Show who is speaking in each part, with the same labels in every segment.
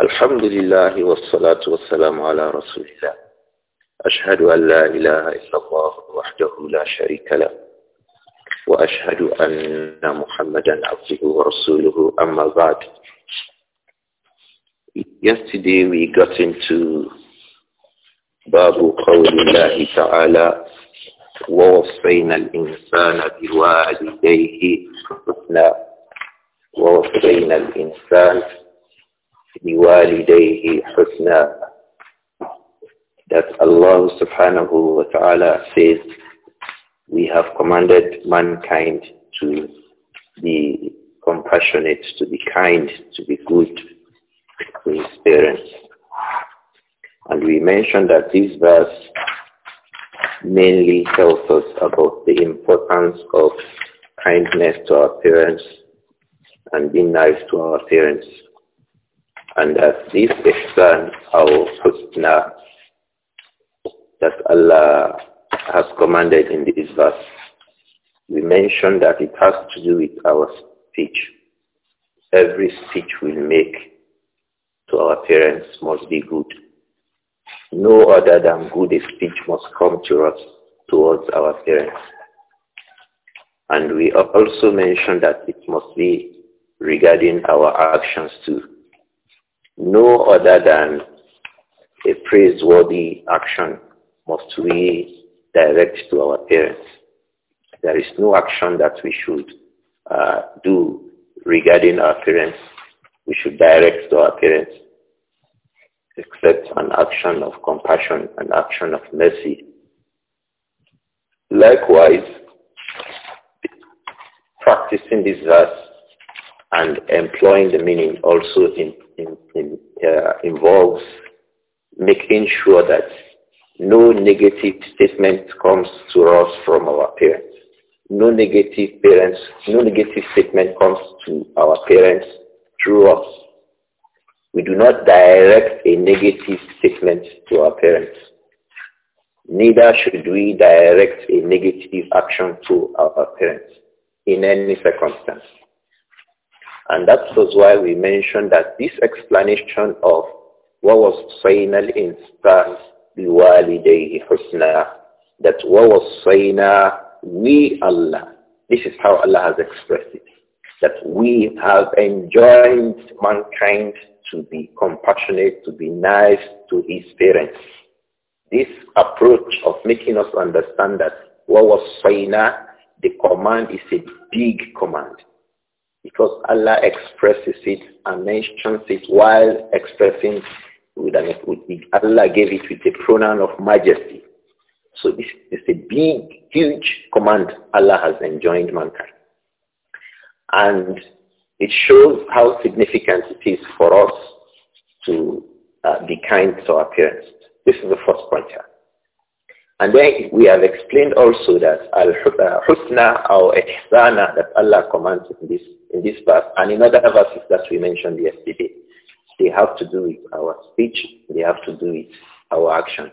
Speaker 1: الحمد لله والصلاة والسلام على رسول الله أشهد أن لا إله إلا الله وحده لا شريك له وأشهد أن محمدا عبده ورسوله أما بعد Yesterday we got into باب قول الله تعالى ووصينا الإنسان بوالديه حسنا ووصينا الإنسان بِوَالِدَيْهِ حُسْنًا That Allah subhanahu wa ta'ala says, we have commanded mankind to be compassionate, to be kind, to be good to his parents. And we mentioned that this verse mainly tells us about the importance of kindness to our parents and being nice to our parents and that this ihsan our husna that Allah has commanded in this verse, we mentioned that it has to do with our speech. Every speech we make to our parents must be good. No other than good speech must come to us towards our parents. And we also mentioned that it must be regarding our actions too no other than a praiseworthy action must we direct to our parents. There is no action that we should uh, do regarding our parents. We should direct to our parents except an action of compassion, an action of mercy. Likewise, practicing this verse and employing the meaning also in, in, in, uh, involves making sure that no negative statement comes to us from our parents. No negative parents, no negative statement comes to our parents through us. We do not direct a negative statement to our parents. Neither should we direct a negative action to our parents in any circumstance. And that was why we mentioned that this explanation of what was وَوَصَّيْنَا الْإِنسَانَ بِوَالِدَيْهِ Husna, That was وَوَصَّيْنَا We Allah. This is how Allah has expressed it. That we have enjoined mankind to be compassionate, to be nice to his parents. This approach of making us understand that what was وَوَصَّيْنَا The command is a big command because Allah expresses it and mentions it while expressing with an Allah gave it with a pronoun of majesty. So this is a big, huge command Allah has enjoined mankind. And it shows how significant it is for us to uh, be kind to our parents. This is the first point here. And then we have explained also that al-husna or ihsana that Allah commands in this in this verse and in other verses that we mentioned yesterday. They have to do with our speech. They have to do with our actions.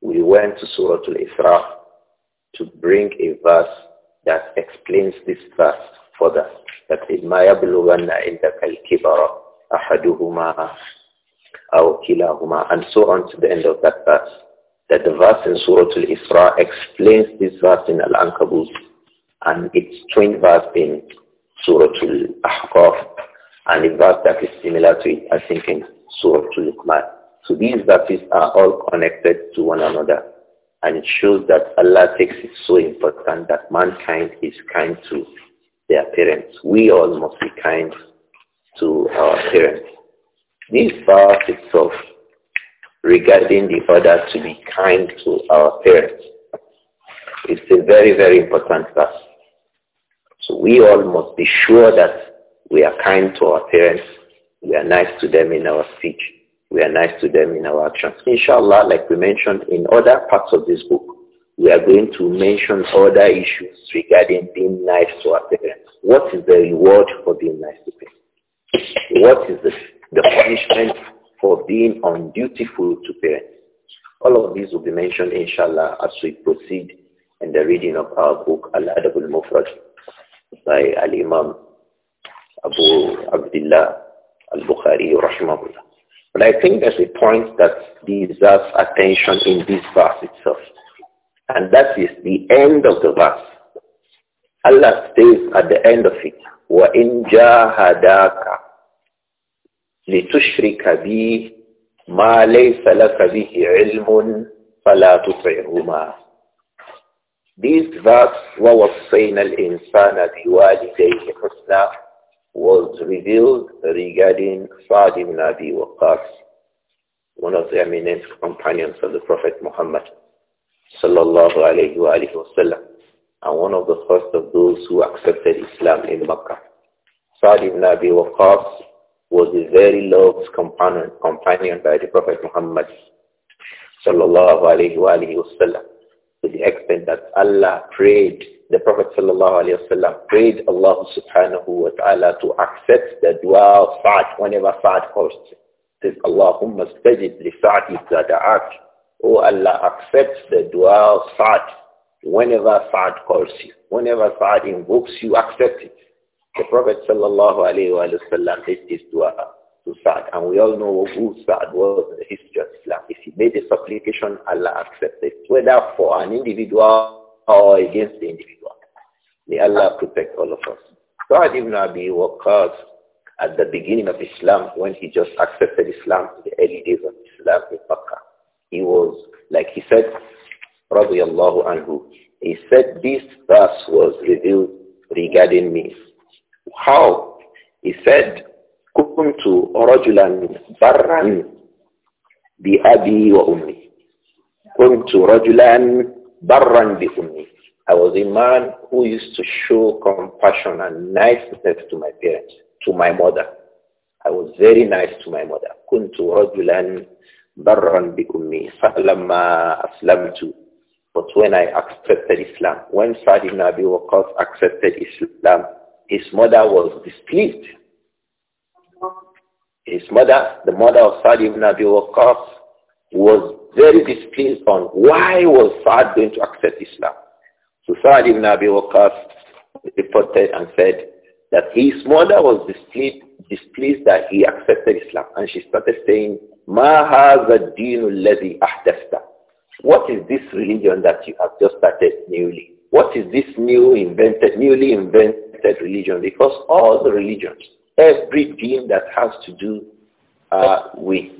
Speaker 1: We went to Surah Al-Isra to bring a verse that explains this verse further. That إِمَّا يَبْلُغَنَّ عِنْدَكَ الْكِبَرَ أَحَدُهُمَا أَوْ كِلَاهُمَا And so on to the end of that verse. That the verse in Surah Al-Isra explains this verse in Al-Ankabut and its twin verse in Surah Al-Ahqaf and the verse that is similar to it, I think in Surah Al-Luqman. So these verses are all connected to one another and it shows that Allah takes it so important that mankind is kind to their parents. We all must be kind to our parents. This verse itself regarding the order to be kind to our parents. It's a very, very important verse. So we all must be sure that we are kind to our parents. We are nice to them in our speech. We are nice to them in our actions. Inshallah, like we mentioned in other parts of this book, we are going to mention other issues regarding being nice to our parents. What is the reward for being nice to parents? What is the, the punishment for being undutiful to parents? All of these will be mentioned, inshallah, as we proceed in the reading of our book, Al-Adab al-Mufrad by Al-Imam Abu Abdullah Al-Bukhari rahimahullah. But I think there's a point that deserves attention in this verse itself. And that is the end of the verse. Allah says at the end of it, وَإِن جَاهَدَاكَ لِتُشْرِكَ بِي مَا لَيْسَ لَكَ بِهِ عِلْمٌ فَلَا تُطِعْهُمَا this verse, وَوَصَّيْنَا الْإِنسَانَ بِوَالِدَيْهِ حُسْنًا was revealed regarding Sa'd ibn Abi Waqqas, one of the eminent companions of the Prophet Muhammad sallallahu alayhi wa alayhi wasallam, and one of the first of those who accepted Islam in Makkah. Sa'd ibn Abi Waqqas was a very loved companion, companion by the Prophet Muhammad sallallahu alayhi wa alayhi wasallam to the extent that Allah prayed, the Prophet ﷺ prayed Allah subhanahu wa ta'ala to accept the dua of Sa'd whenever Sa'd calls him. Says, Allahumma stajib li Sa'd da'ak. Oh Allah, accept the dua of Sa'd whenever Sa'd calls you. Whenever Sa'd invokes you, accept it. The Prophet sallallahu alayhi wa sallam did dua to Saad. And we all know who Saad was in the history of Islam. If he made a supplication, Allah accepts it, whether for an individual or against the individual. May Allah protect all of us. Saad ibn Abi Waqqas, at the beginning of Islam, when he just accepted Islam, the early days of Islam in Makkah, he was, like he said, radiallahu anhu, he said this verse was revealed regarding me. How? He said, Kuntu barran bi abi wa ummi. Kuntu كنت barran bi ummi. I was a man who used to show compassion and niceness to my parents, to my mother. I was very nice to my mother. Kuntu كنت barran bi ummi. فلما أسلمت But when I accepted Islam, when sa Nabi ibn accepted Islam, his mother was displeased his mother, the mother of Saad ibn Abi Waqqas, was very displeased on why was Saad going to accept Islam. So Saad ibn Abi Waqqas reported and said that his mother was displeased, displeased that he accepted Islam. And she started saying, Ma haza dinu ladhi ahdasta. What is this religion that you have just started newly? What is this new invented, newly invented religion? Because all the religions, everything that has to do uh, with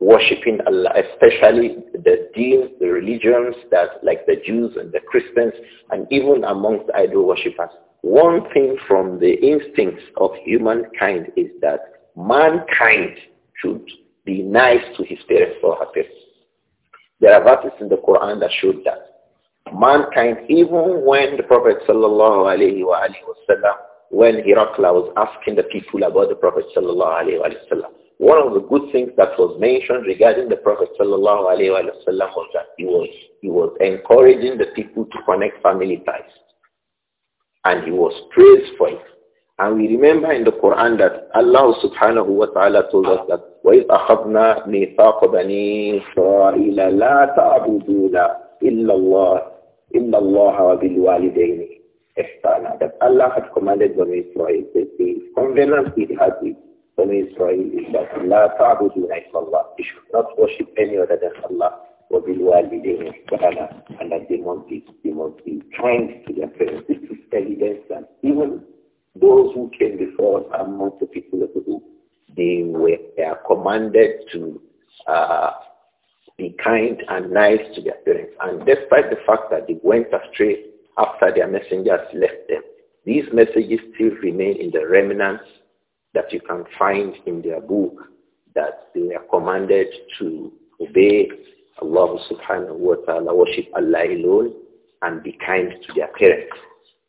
Speaker 1: worshipping Allah, especially the deeds, the religions that like the Jews and the Christians and even amongst idol worshippers. One thing from the instincts of humankind is that mankind should be nice to his parents or her parents. There are verses in the Quran that show that. Mankind, even when the Prophet sallallahu alaihi wa when Herakla was asking the people about the Prophet sallallahu alaihi wasallam. One of the good things that was mentioned regarding the Prophet sallallahu alaihi wasallam was that he was, he was encouraging the people to connect family ties. And he was praised for it. And we remember in the Quran that Allah subhanahu wa ta'ala told us that وَإِذْ أَخَذْنَا مِيثَاقَ بَنِي إِسْرَائِيلَ لَا تَعْبُدُونَ إِلَّا اللَّهَ إِلَّا اللَّهَ وَبِالْوَالِدَيْنِ Ihsana that Allah had commanded Bani Israel that the covenant he had with Bani Israel is that La ta'budu Allah. You should not worship any other than Allah. وبالوالدين إحسانا and that they must be, they must be kind to their parents. This is evidence that even those who came before us amongst the people of the book, they were they are commanded to uh, be kind and nice to their parents. And despite the fact that they went astray after their messengers left them. These messages still remain in the remnants that you can find in their book that they are commanded to obey Allah subhanahu wa ta'ala, worship Allah alone, and be kind to their parents.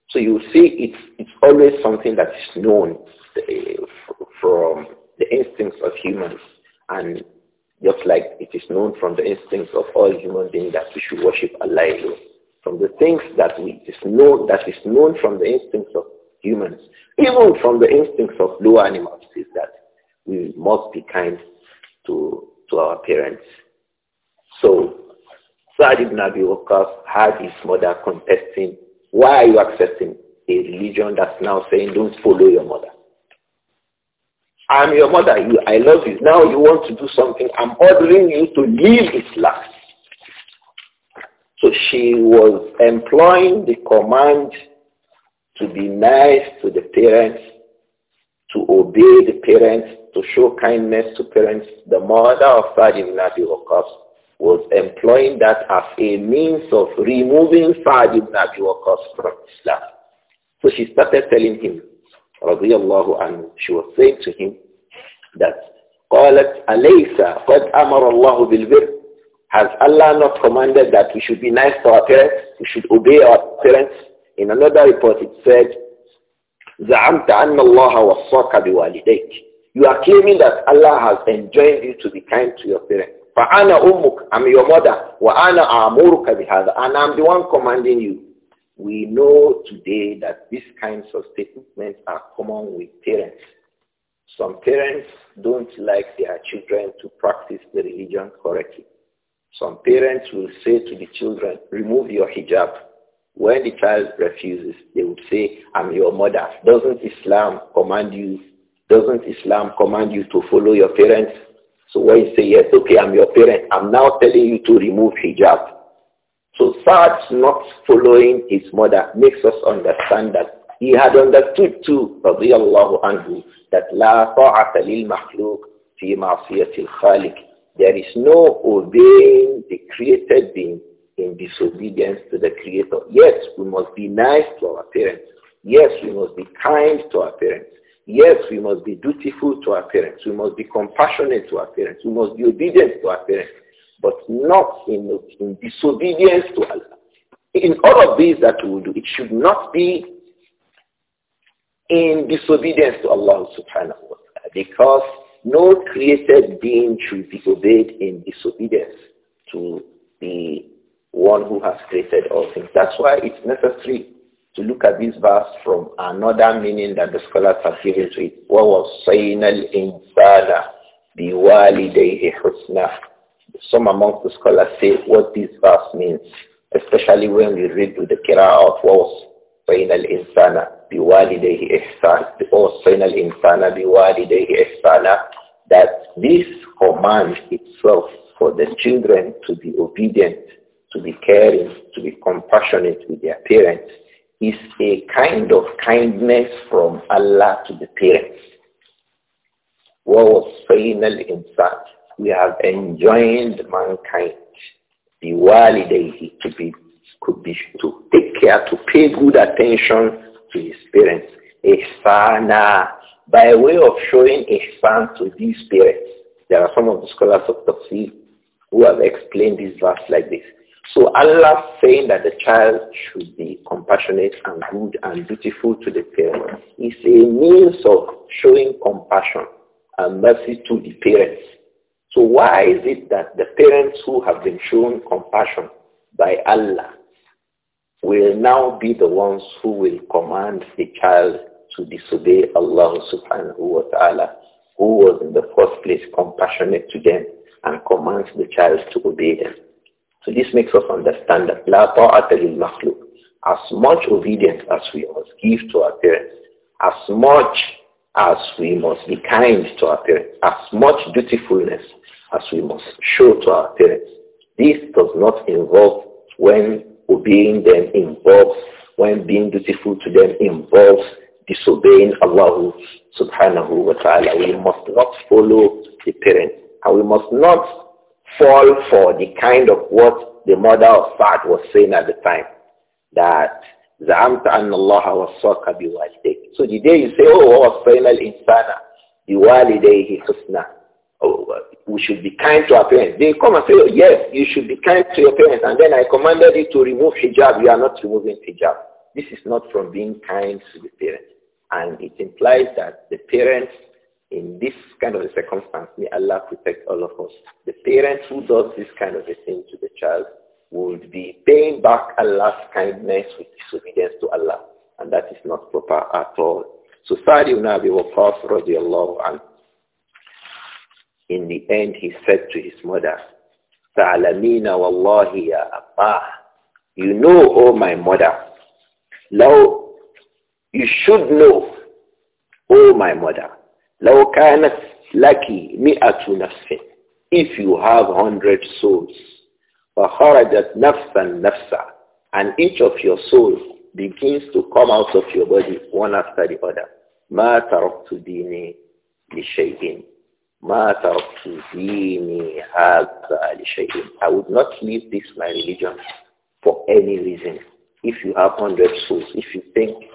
Speaker 1: So you see, it's, it's always something that is known uh, from the instincts of humans. And just like it is known from the instincts of all human beings that we should worship Allah alone. From the things that we is known that is known from the instincts of humans, even from the instincts of lower animals, is that we must be kind to to our parents. So sa ibn Abi Waqqas had his mother contesting, why are you accepting a religion that's now saying don't follow your mother? I'm your mother. You, I love you. Now you want to do something. I'm ordering you to leave Islam. So she was employing the command to be nice to the parents, to obey the parents, to show kindness to parents. The mother of Fadim Nadir ibn was employing that as a means of removing Fadim Nadir ibn from Islam. So she started telling him, radiallahu anhu, she was saying to him that قالت أليس قد أمر الله بالبر has Allah not commanded that we should be nice to our parents? We should obey our parents? In another report it said, زَعَمْتَ أَنَّ اللَّهَ وَصَّاكَ بِوَالِدَيْكِ You are claiming that Allah has enjoined you to be kind to your parents. فَأَنَا أُمُّكَ I'm your mother. وَأَنَا أَمُرُكَ بِهَذَا And I'm the one commanding you. We know today that these kinds of statements are common with parents. Some parents don't like their children to practice the religion correctly. Some parents will say to the children, remove your hijab. When the child refuses, they would say, I'm your mother. Doesn't Islam command you? Doesn't Islam command you to follow your parents? So when you say, yes, okay, I'm your parent, I'm now telling you to remove hijab. So Saad not following his mother makes us understand that he had understood too, radiallahu anhu, that لا طاعة للمخلوق في معصية الخالق there is no obeying the created being in disobedience to the Creator. Yes, we must be nice to our parents. Yes, we must be kind to our parents. Yes, we must be dutiful to our parents. We must be compassionate to our parents. We must be obedient to our parents, but not in, in disobedience to Allah. In all of these that we do, it should not be in disobedience to Allah subhanahu wa ta'ala because no created being should be obeyed in disobedience to the one who has created all things. That's why it's necessary to look at this verse from another meaning that the scholars have given to it. وَوَصَّيْنَا الْإِنسَانَ بِوَالِدَيْهِ Husna? Some amongst the scholars say what this verse means, especially when we read with the Qira'ah of what was. وَإِنَ الْإِنسَانَ بِوَالِدَيْهِ إِحْسَانًا وَصَيْنَ الْإِنسَانَ بِوَالِدَيْهِ إِحْسَانًا That this command itself for the children to be obedient, to be caring, to be compassionate with their parents is a kind of kindness from Allah to the parents. وَوَصَّيْنَ الْإِنسَانَ We have enjoined mankind بِوَالِدَيْهِ to be could be to take care to pay good attention to his parents. Ihsana, by way of showing ihsan to these parents. There are some of the scholars of Tafsir who have explained this verse like this. So Allah saying that the child should be compassionate and good and dutiful to the parents is a means of showing compassion and mercy to the parents. So why is it that the parents who have been shown compassion by Allah will now be the ones who will command the child to disobey Allah subhanahu wa ta'ala, who was in the first place compassionate to them and commands the child to obey them. So this makes us understand that la ta'ata lil makhluk. As much obedience as we must give to our parents, as much as we must be kind to our parents, as much dutifulness as we must show to our parents. This does not involve when obeying them involves, when being dutiful to them involves disobeying Allah subhanahu wa ta'ala. We must not follow the parents. And we must not fall for the kind of what the mother of Sa'd was saying at the time. That زعمت أن الله وصاك بوالديك. So the day you say, oh, ووصينا الإنسان بوالديه حسنا. Uh, we should be kind to our parents. They come and say, oh, yes, you should be kind to your parents. And then I commanded you to remove hijab. You are not removing hijab. This is not from being kind to the parents. And it implies that the parents in this kind of a circumstance, may Allah protect all of us. The parent who does this kind of a thing to the child would be paying back Allah's kindness with disobedience to Allah. And that is not proper at all. So Sa'd ibn Abi Waqqas radiallahu anhu in the end, he said to his mother, Ta'alamina wallahi ya Abba. You know, oh my mother, law, you should know, oh my mother, law kanat laki mi'atu nafsin. If you have hundred souls, فَخَرَجَتْ nafsan nafsa, And each of your souls begins to come out of your body one after the other. مَا تَرَقْتُ li shayin." ما تركت ديني هذا لشيء I would not leave this my religion for any reason. If you have hundred souls, if you think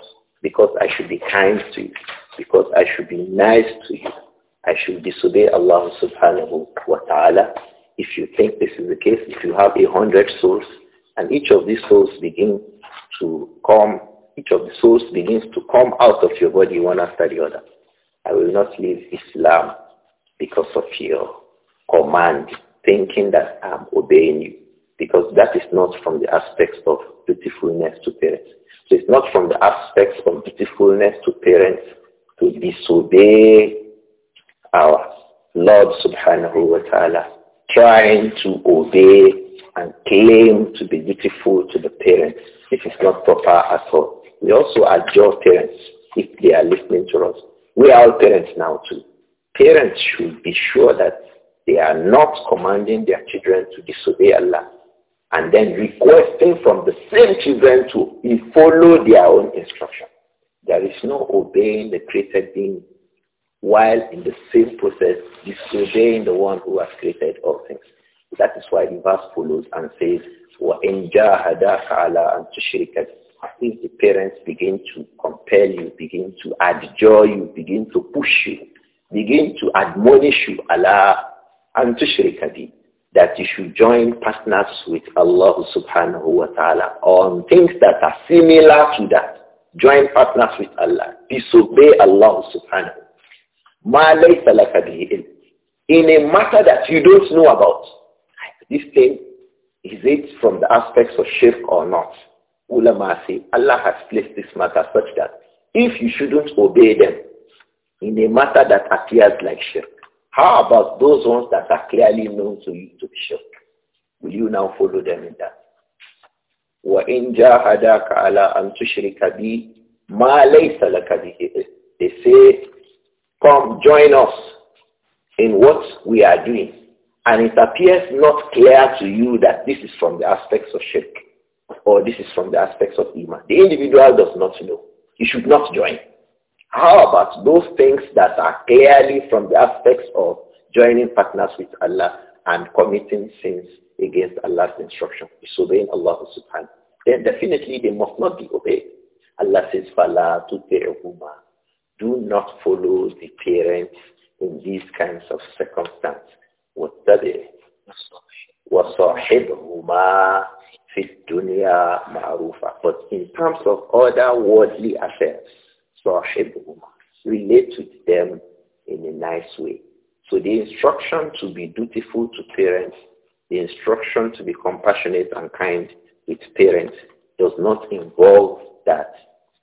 Speaker 1: because I should be kind to you, because I should be nice to you, I should disobey Allah subhanahu wa ta'ala. If you think this is the case, if you have a hundred souls and each of these souls begin to come, each of the souls begins to come out of your body one after the other. I will not leave Islam because of your command, thinking that I'm obeying you. Because that is not from the aspects of dutifulness to parents. So it's not from the aspects of dutifulness to parents to disobey our Lord subhanahu wa ta'ala, trying to obey and claim to be dutiful to the parents. This is not proper at all. We also adjure parents if they are listening to us. We are all parents now too. Parents should be sure that they are not commanding their children to disobey Allah and then requesting from the same children to follow their own instruction. There is no obeying the created being while in the same process disobeying the one who has created all things. That is why the verse follows and says, وَإِنْ جَاهَدَاكَ عَلَىٰ أَنْ تُشْرِكَ If the parents begin to compel you, begin to adjure you, begin to push you begin to admonish you, Allah, and tushrika bi, that you should join partners with Allah subhanahu wa ta'ala on things that are similar to that. Join partners with Allah. Disobey Allah subhanahu. wa ta'ala. In a matter that you don't know about. This thing, is it from the aspects of shirk or not? Ulama say, Allah has placed this matter such that if you shouldn't obey them, in a matter that appears like shirk. How about those ones that are clearly known to you to be shirk? Will you now follow them in that? وَإِنْ جَاهَدَاكَ عَلَىٰ أَنْ تُشْرِكَ بِي مَا لَيْسَ لَكَ بِهِ They say, come join us in what we are doing. And it appears not clear to you that this is from the aspects of shirk or this is from the aspects of iman. The individual does not know. He should not join. How about those things that are clearly from the aspects of joining partners with Allah and committing sins against Allah's instruction, disobeying Allah subhanahu then definitely they must not be obeyed. Allah says, Fala Do not follow the parents in these kinds of circumstances. وَاتَّبِعْ وَصَاحِبْهُمَا fit الدُّنْيَا مَعْرُوفًا But in terms of other worldly affairs, Relate with them in a nice way. So the instruction to be dutiful to parents, the instruction to be compassionate and kind with parents does not involve that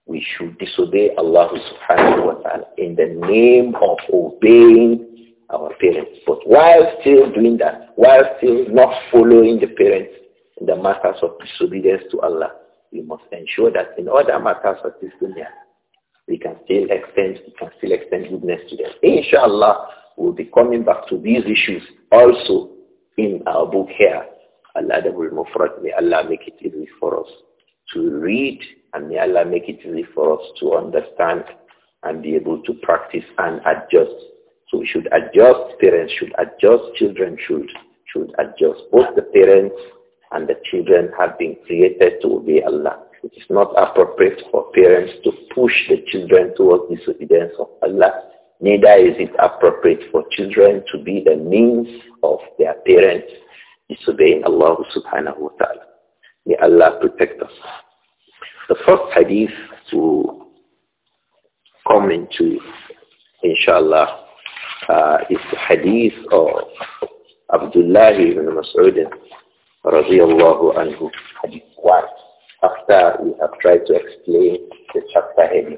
Speaker 1: we should disobey Allah subhanahu wa ta'ala in the name of obeying our parents. But while still doing that, while still not following the parents in the matters of disobedience to Allah, we must ensure that in other matters of this dunya, we can still extend, we can still extend goodness to them. Inshallah, we'll be coming back to these issues also in our book here, Al-Adabul Mufrad. May Allah make it easy for us to read and may Allah make it easy for us to understand and be able to practice and adjust. So we should adjust, parents should adjust, children should, should adjust. Both the parents and the children have been created to obey Allah it is not appropriate for parents to push the children towards disobedience of Allah. Neither is it appropriate for children to be the means of their parents disobeying Allah subhanahu wa ta'ala. May Allah protect us. The first hadith to come into, inshallah, uh, is the hadith of Abdullah ibn Mas'ud الله عنه. hadith 1 after we have tried to explain the chapter heading.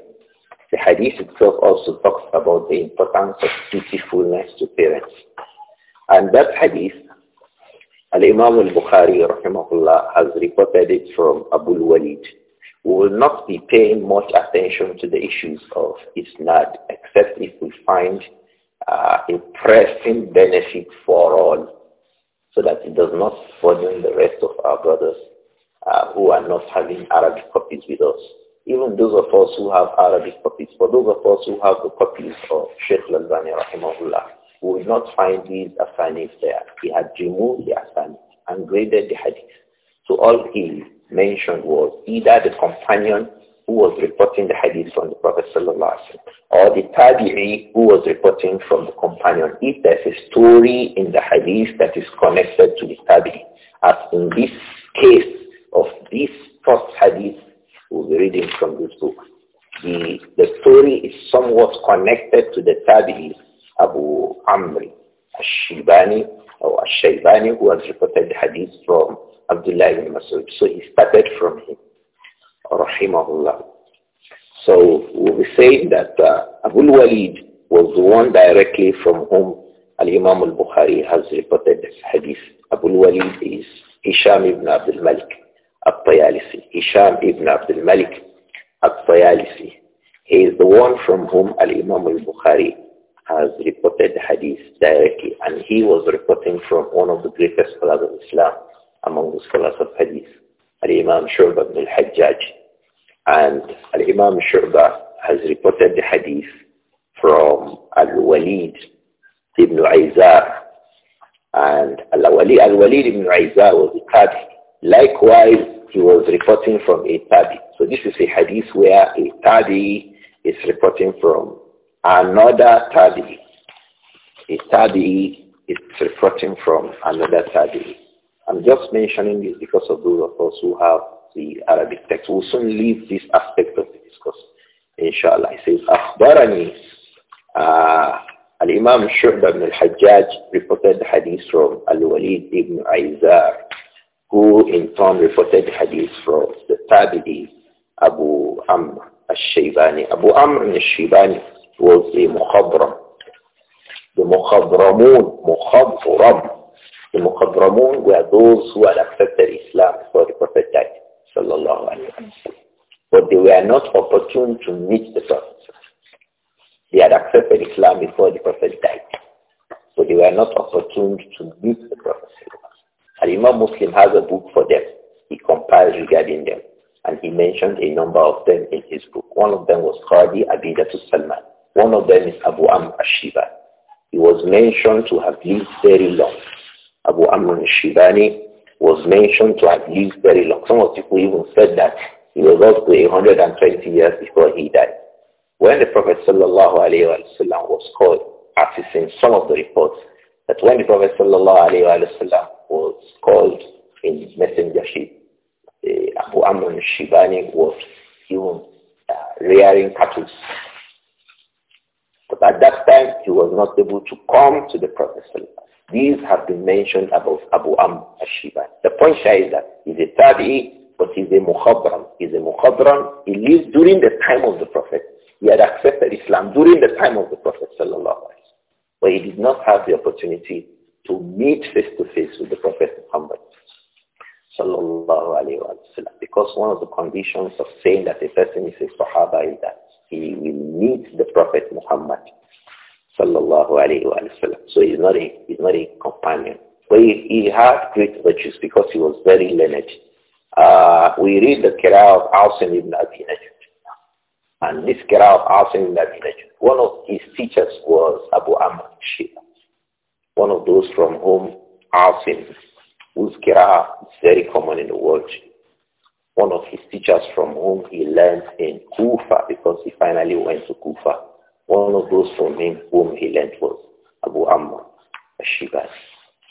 Speaker 1: The hadith itself also talks about the importance of dutifulness to parents. And that hadith, Al-Imam al-Bukhari rahimahullah has reported it from Abu al-Walid. We will not be paying much attention to the issues of Isnad except if we find uh, a pressing benefit for all so that it does not burden the rest of our brothers uh, who are not having Arabic copies with us. Even those of us who have Arabic copies, for those of us who have the copies of Sheikh rahimahullah, we will not find these assignments there. He had removed the assignment and graded the hadith. So all he mentioned was either the companion who was reporting the hadith from the Prophet sallallahu or the tabi'i who was reporting from the companion. If there's a story in the hadith that is connected to the tabi'i, as in this case, of this first hadith we'll be reading from this book. The, the story is somewhat connected to the Tabi'i Abu Amri al-Shibani or al-Shaybani who has reported the hadith from Abdullah ibn Masud. So he started from him. Rahimahullah. So we'll be saying that uh, Abu Walid was the one directly from whom Al-Imam al-Bukhari has reported this hadith. Abu Walid is Hisham ibn Abdul Malik. At-Tayalisi, Hisham ibn Abdul Malik At-Tayalisi. He is the one from whom Al-Imam al-Bukhari has reported hadith directly, and he was reporting from one of the greatest scholars of Islam among the scholars of hadith, Al-Imam Shu'bah ibn al-Hajjaj. And Al-Imam Shu'bah has reported the hadith from Al-Walid ibn Aizar. And Al-Walid, Al-Walid ibn Aizar was the Qadi. Likewise, he was reporting from a tabi. So this is a hadith where a tabi is reporting from another tabi. A tabi is reporting from another tabi. I'm just mentioning this because of those of us who have the Arabic text. We'll soon leave this aspect of the discussion. Inshallah. It says, أخبرني uh, Al-Imam Shu'bah ibn al-Hajjaj reported the hadith from Al-Walid ibn Aizar who in turn reported hadith from the Tabi'i Abu Amr al-Shaybani. Abu Amr al-Shaybani was a Mukhabram. The Mukhabramun, Mukhabram. The Mukhabramun were those who had accepted Islam before the Prophet died. Sallallahu alayhi wa But they were not opportune to meet the Prophet. They had accepted Islam before the Prophet died. So they were not opportune to meet the Prophet. And Imam Muslim has a book for them. He compiles regarding them. And he mentioned a number of them in his book. One of them was Khadi Abidatul Salman. One of them is Abu Amr Ashiba. He was mentioned to have lived very long. Abu Amr Ashibani was mentioned to have lived very long. Some of the people even said that he was up to 120 years before he died. When the Prophet ﷺ was called, as is in some of the reports, that when the Prophet was called in messengership, uh, Abu Amr Shibani was even uh, rearing cattle. But at that time, he was not able to come to the Prophet. These have been mentioned about Abu Amr Shibani. The point here is that he's a tabi'i, but he's a mukhabran. He's a mukhabran. He lived during the time of the Prophet. He had accepted Islam during the time of the Prophet sallallahu but he did not have the opportunity to meet face to face with the Prophet Muhammad sallallahu Because one of the conditions of saying that a person is a Sahaba is that he will meet the Prophet Muhammad sallallahu alayhi wa So he's not a, he's not a companion. But he, he had great virtues because he was very learned. Uh, we read the Qira of al ibn Abi Najm and this Qira of that village. one of his teachers was Abu Amr Shira, one of those from whom Asim, whose Qira is very common in the world, one of his teachers from whom he learned in Kufa because he finally went to Kufa. One of those from him whom he learned was Abu Amr Ashibas.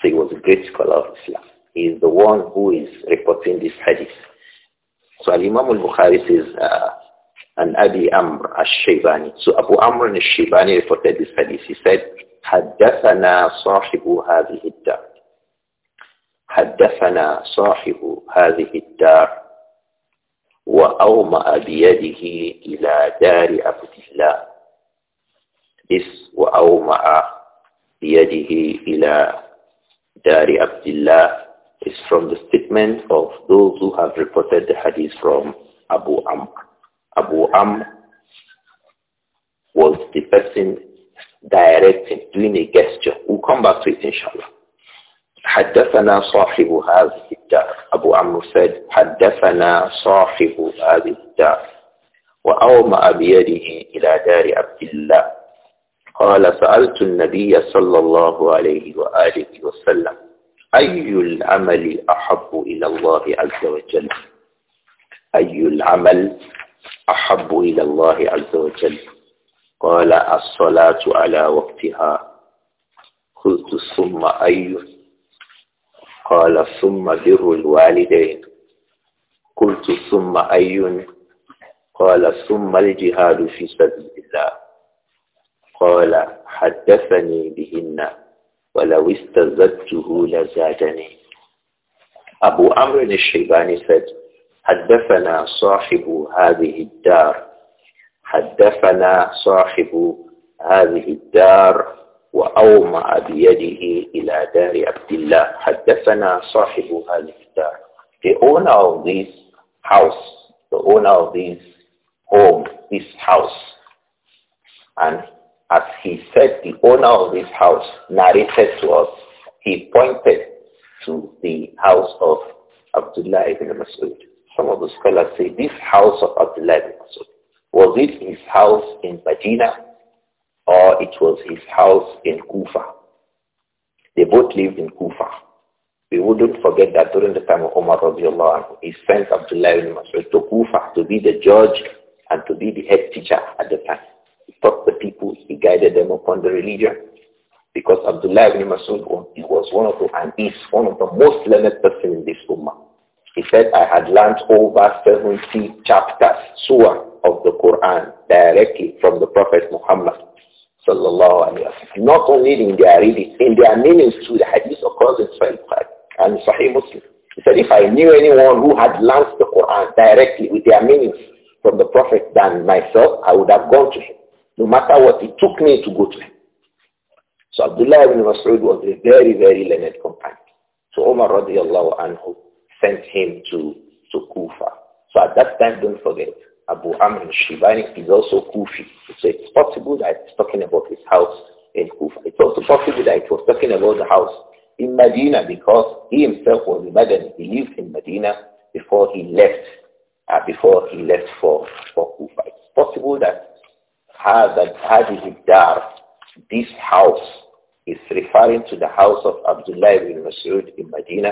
Speaker 1: So he was a great scholar of Islam. He is the one who is reporting this hadith. So Al-Imam al-Bukhari says, uh, and Abi Amr al-Shaybani. So Abu Amr al-Shaybani reported this hadith. He said, حدثنا صاحب هذه الدار حدثنا صاحب هذه الدار وأومأ بيده إلى دار عبد الله إس وأومأ بيده إلى دار عبد الله is from the statement of those who have reported the hadith from Abu Amr. Abu Am was the person directing, doing a gesture. We'll come back to it inshallah. حدثنا صاحب هذه الدار أبو عمرو said حدثنا صاحب هذه الدار وأومأ بيده إلى دار عبد الله قال سألت النبي صلى الله عليه وآله وسلم أي العمل أحب إلى الله عز وجل أي العمل أحب إلى الله عز وجل قال الصلاة على وقتها قلت ثم أي قال ثم بر الوالدين قلت ثم أي قال ثم الجهاد في سبيل الله قال حدثني بهن ولو استزدته لزادني أبو أمر الشيباني said حدثنا صاحب هذه الدار حدثنا صاحب هذه الدار وأومأ بيده إلى دار عبد الله حدثنا صاحب هذه الدار The owner of this house, the owner of this home, this house. And as he said, the owner of this house narrated to us, he pointed to the house of Abdullah ibn Mas'ud. Some of the scholars say this house of Abdullah ibn Masud, was it his house in Medina or it was his house in Kufa? They both lived in Kufa. We wouldn't forget that during the time of Umar radiallahu anhu, he sent Abdullah bin Masud to Kufa to be the judge and to be the head teacher at the time. He taught the people, he guided them upon the religion because Abdullah ibn Masud was one of the, and is one of the most learned person in this Ummah. He said, I had learned over 70 chapters, surah of the Quran, directly from the Prophet Muhammad. Sallallahu alayhi wa Not only in their reading, in their meanings through the hadith of course, and Sahih Muslim. He said, if I knew anyone who had learned the Quran directly with their meanings from the Prophet than myself, I would have gone to him, no matter what it took me to go to him. So Abdullah ibn Mas'ud was a very, very learned companion. So Umar radiallahu anhu sent him to, to Kufa. So at that time, don't forget, Abu Amr al-Shibani is also Kufi. So it's possible that it's talking about his house in Kufa. It's also possible that it was talking about the house in Medina because he himself was a Medina. He lived in Medina before he left, uh, before he left for, for Kufa. It's possible that Hadar, this house, is referring to the house of Abdullah ibn Mas'ud in Medina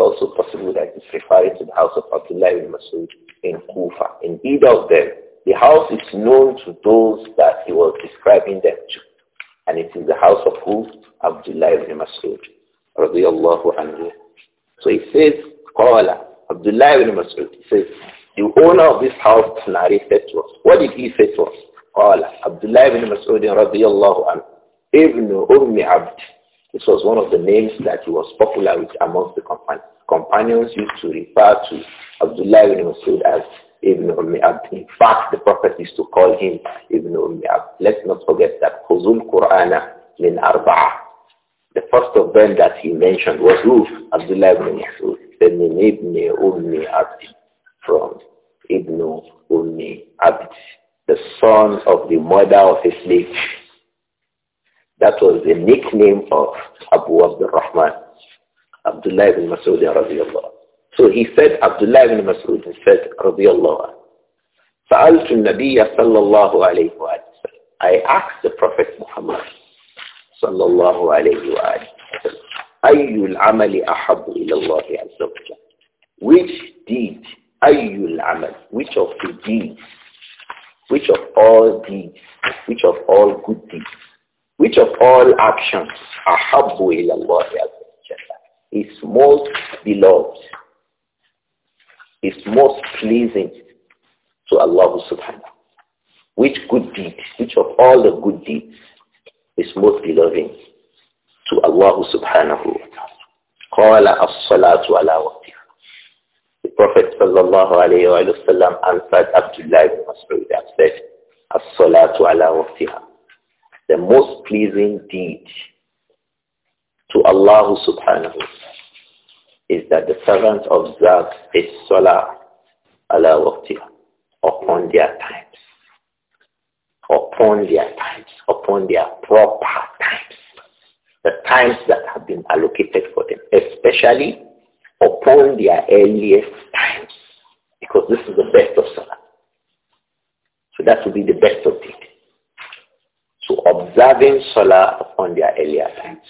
Speaker 1: also possible that it's referring to the house of Abdullah ibn Masud in Kufa. In either of them, the house is known to those that he was describing them to. And it is the house of who? Abdullah ibn Masud. Radiallahu anhu. So he says, Qala, Abdullah ibn Masud. He says, the owner of this house narrated to us. What did he say to us? Qala, Abdullah ibn Masud radiallahu anhu. Ibn Ummi Abd. This was one of the names that he was popular with amongst the companions. Companions used to refer to Abdullah ibn Masud as Ibn Ummi Abd. In fact, the Prophet used to call him Ibn Ummi Abd. Let's not forget that Khuzul Qur'ana min Arba'a. The first of them that he mentioned was who? Abdullah ibn Masud. Then Ibn Ummi Abd from Ibn Ummi Abd, the son of the mother of his late that was the nickname of Abu Rahman, Abdullah ibn Mas'ud radiallahu So he said, Abdullah ibn Mas'ud said, radiallahu سألت النبي صلى الله عليه وآله I asked the Prophet Muhammad صلى الله عليه وآله أي العمل أحب إلى الله عز وجل Which deed أي العمل Which of the deeds Which of all deeds Which of all good deeds which of all actions, ahabbu ilallah is most beloved, is most pleasing to Allah subhanahu. Which good deed, which of all the good deeds is most beloved to Allah subhanahu wa ta'ala. Qala as-salatu ala waqtiha. The Prophet sallallahu alayhi wa sallam answered Abdullah ibn Mas'ud and said, as-salatu ala waqtiha the most pleasing deed to Allah subhanahu is that the servant observes his salah ala waqtiha upon their times, upon their times, upon their proper times, the times that have been allocated for them, especially upon their earliest times, because this is the best of salah. So that will be the best of deeds to observing Salah upon their earlier times.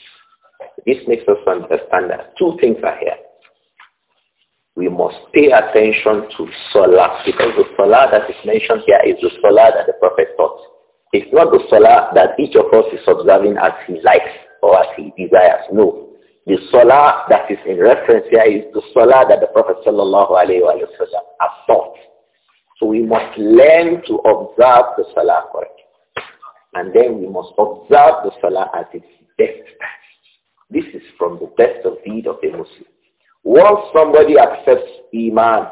Speaker 1: This makes us understand that two things are here. We must pay attention to Salah because the Salah that is mentioned here is the Salah that the Prophet taught. It's not the Salah that each of us is observing as he likes or as he desires. No. The Salah that is in reference here is the Salah that the Prophet sallallahu alayhi wasallam has taught. So we must learn to observe the Salah correctly. And then we must observe the salah at its best. This is from the best of deed of a Muslim. Once somebody accepts Iman,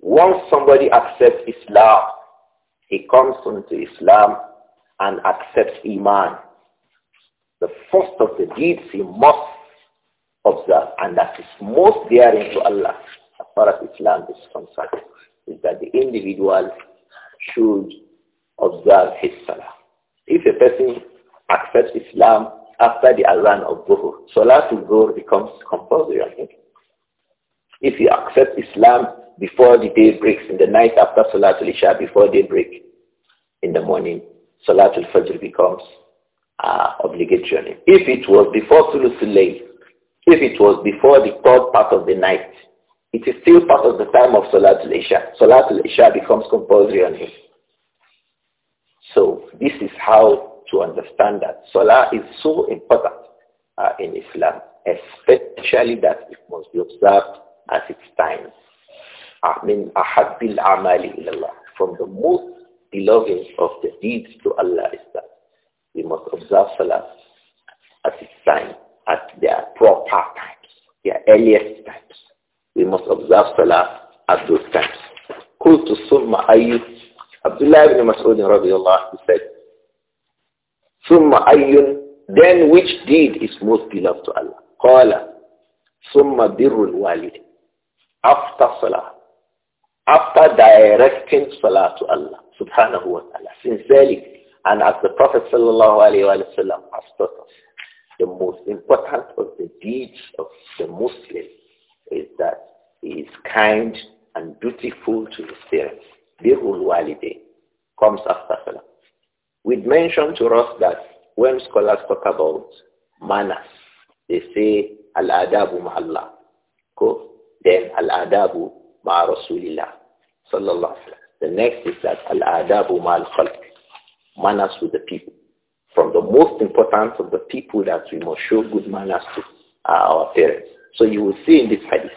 Speaker 1: once somebody accepts Islam, he comes into Islam and accepts Iman. The first of the deeds he must observe, and that is most daring to Allah as far as Islam is concerned, is that the individual should observe his salah. If a person accepts Islam after the Adhan of Dhuhr, salah to Dhuhr becomes compulsory on him. If he accepts Islam before the day breaks, in the night after to Isha, before daybreak, in the morning, salah to Fajr becomes uh, obligatory If it was before Sulusul Layl, if it was before the third part of the night, it is still part of the time of Salatul Isha. Salatul Isha becomes compulsory on him. So this is how to understand that Salah is so important uh, in Islam, especially that it must be observed at its time. I mean, ahabbil amali ilallah. From the most beloved of the deeds to Allah is that we must observe Salah at its time, at their proper times, their earliest times. We must observe Salah at those times. Abdullah ibn Mas'ud radiallahu said, ثم أي then which deed is most beloved to Allah? قال ثم بر الوالد after salah after directing salah to Allah subhanahu wa ta'ala sincerely and as the Prophet sallallahu alayhi wa sallam has taught us the most important of the deeds of the Muslim is that he is kind and dutiful to his parents birrul walidain comes after Salah. We'd mentioned to us that when scholars talk about manners, they say al-adabu ma'allah. Then al-adabu ma rasulillah. Sallallahu The next is that al-adabu ma'al khalq. Manners with the people. From the most important of the people that we must show good manners to are our parents. So you will see in this hadith,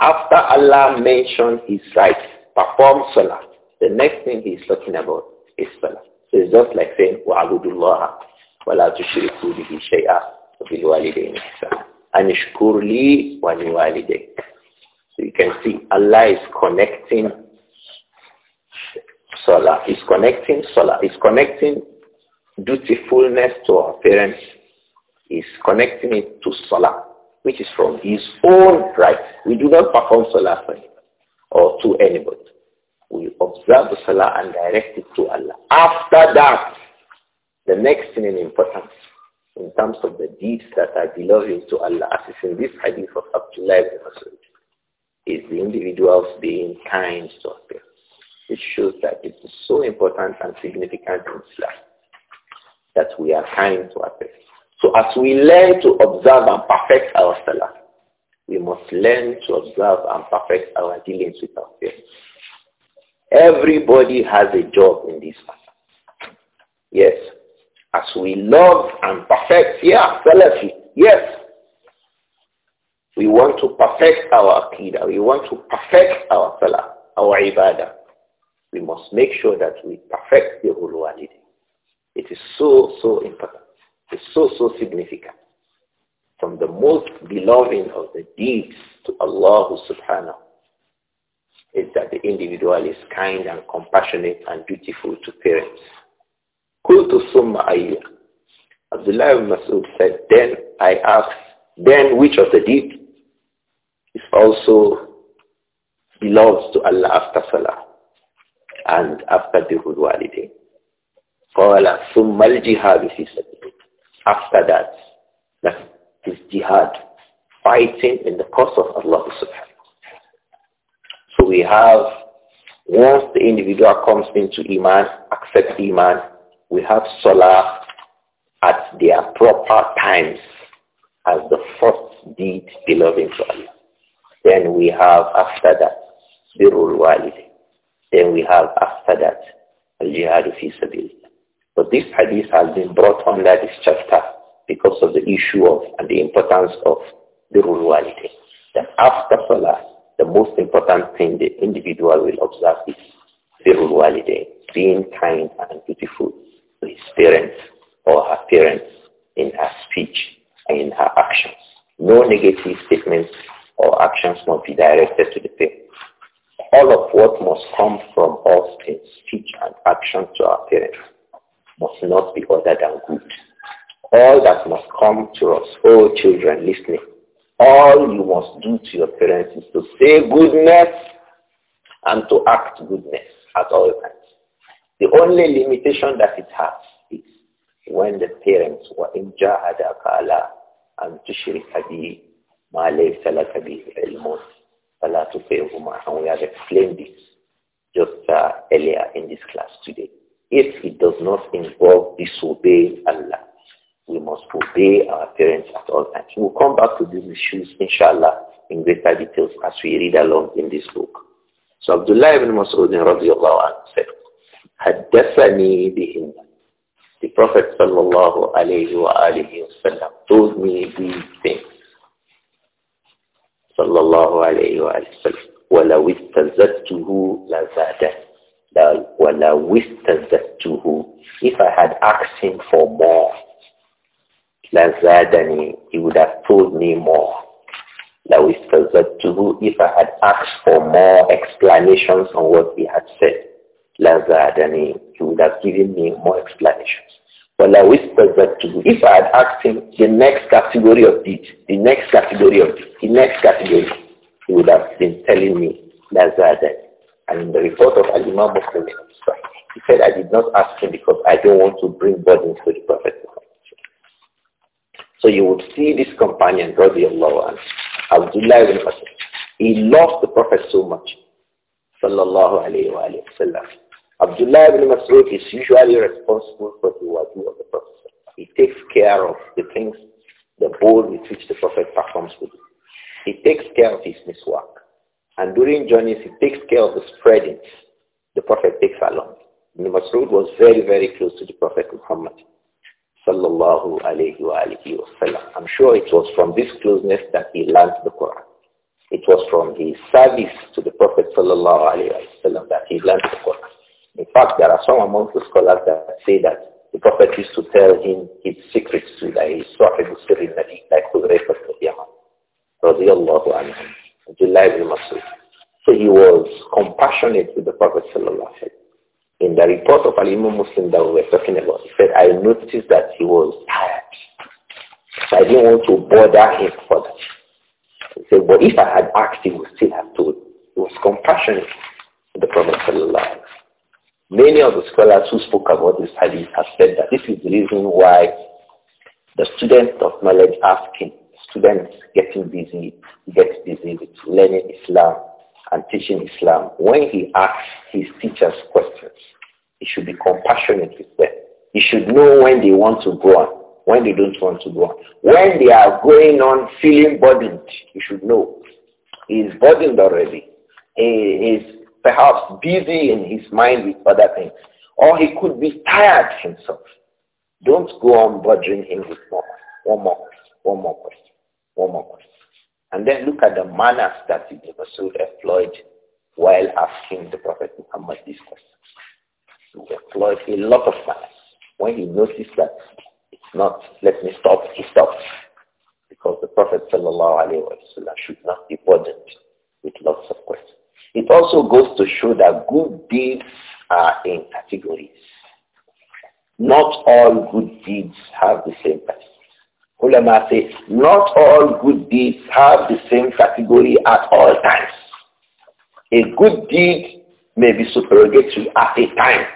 Speaker 1: after Allah mentioned his right, perform salah, the next thing he's talking about is Salah. So it's just like saying, وَعَبُدُ اللَّهَ وَلَا تُشْرِكُوا بِهِ شَيْئًا وَبِالْوَالِدَيْنِ إِحْسَانًا أَنِ اشْكُرْ لِي وَلِوَالِدَيْكَ So you can see Allah is connecting Salah. He's connecting Salah. He's connecting dutifulness to our parents. He's connecting it to Salah, which is from his own right. We do not perform Salah for him or to anybody we observe the salah and direct it to Allah. After that, the next thing in importance in terms of the deeds that are belonging to Allah, as is in this hadith of Abdullah ibn Masud, is the individuals being kind to others. It shows that it is so important and significant in Islam that we are kind to others. So as we learn to observe and perfect our salah, we must learn to observe and perfect our dealings with our parents. Everybody has a job in this. Yes. As we love and perfect, yeah, fellowship. yes. We want to perfect our akida. We want to perfect our Salah, our Ibadah. We must make sure that we perfect the whole Walid. It is so, so important. It's so, so significant. From the most beloved of the deeds to Allah subhanahu is that the individual is kind and compassionate and dutiful to parents. Kultu summa ayya. Abdullah ibn Mas'ud said, then I asked, then which of the deed is also belongs to Allah after Salah and after the Hudwalidin? Qala summa al-jihad fi After that, that is jihad, fighting in the cause of Allah subhanahu so we have, once the individual comes into Iman, accepts Iman, we have Salah at their proper times as the first deed belonging to Allah. Then we have after that, Birul Walid. Then we have after that, Al-Jihad fi But this hadith has been brought under this chapter because of the issue of and the importance of Birul Walid. That after Salah, the most important thing the individual will observe is Sirul being kind and dutiful to his parents or her parents in her speech and in her actions. No negative statements or actions must be directed to the parents. All of what must come from us in speech and action to our parents must not be other than good. All that must come to us, all oh children listening, all you must do to your parents is to say goodness and to act goodness at all times. The only limitation that it has is when the parents were in jahadakala and tushrika bi ma laysa laka bihi oh and we have explained this just uh, earlier in this class today. If it does not involve disobeying Allah, we must obey our parents at all times. We'll come back to these issues, inshallah, in greater details as we read along in this book. So Abdullah ibn Mas'ud radiallahu anhu said, حدثني بهن. The Prophet sallallahu alayhi wa alihi wasallam told me these things. Sallallahu alayhi wa alihi wasallam. وَلَوْ اسْتَزَدْتُهُ لَزَادَتْ وَلَوْ اسْتَزَدْتُهُ If I had asked him for more, لَزَادَنِي He would have told me more. لَوْ إِسْتَزَدْتُهُ If I had asked for more explanations on what he had said, لَزَادَنِي He would have given me more explanations. But I whispered that If I had asked him the next category of deed, the next category of deed, the next category, he would have been telling me Lazada. And in the report of Al-Imam Muslim, he said, I did not ask him because I don't want to bring burden to the Prophet so you would see this companion, radiallahu anhu, Abdullah ibn Masud. He loved the Prophet so much, sallallahu alayhi wa sallam. Abdullah ibn Masud is usually responsible for the wadu of the Prophet. He takes care of the things, the bowl with which the Prophet performs with. He takes care of his miswak. And during journeys, he takes care of the spreading. the Prophet takes along. Ibn Masud was very, very close to the Prophet Muhammad sallallahu alayhi wa I'm sure it was from this closeness that he learned the Quran. It was from his service to the Prophet sallallahu alayhi wa sallam that he learned the Quran. In fact, there are some among the scholars that say that the Prophet used to tell him his secrets to that he Sahib Sirri Nabi, like Hudhaifa of Yaman, radiallahu anhu, Abdullah Masud. So he was compassionate with the Prophet sallallahu alayhi wa sallam. In the report of Al-Imam Muslim that we were talking about, he said, I noticed that he was tired. So I didn't want to bother him further. He said, but if I had asked, he would still have told. He was compassionate to the Prophet Sallallahu Many of the scholars who spoke about this hadith have said that this is the reason why the students of knowledge asking, students getting busy, get busy with learning Islam, and teaching Islam, when he asks his teachers questions, he should be compassionate with them. He should know when they want to go on, when they don't want to go on. When they are going on feeling burdened, he should know. He is burdened already. He is perhaps busy in his mind with other things. Or he could be tired himself. Don't go on bothering him with more. One more question. One more question. One more question. And then look at the manners that Ibn Masud employed while asking the Prophet Muhammad these questions. He employed a lot of manners. When he noticed that it's not, let me stop, he stopped. Because the Prophet wasallam should not be burdened with lots of questions. It also goes to show that good deeds are in categories. Not all good deeds have the same price. Ulama say, not all good deeds have the same category at all times. A good deed may be supererogatory at a time.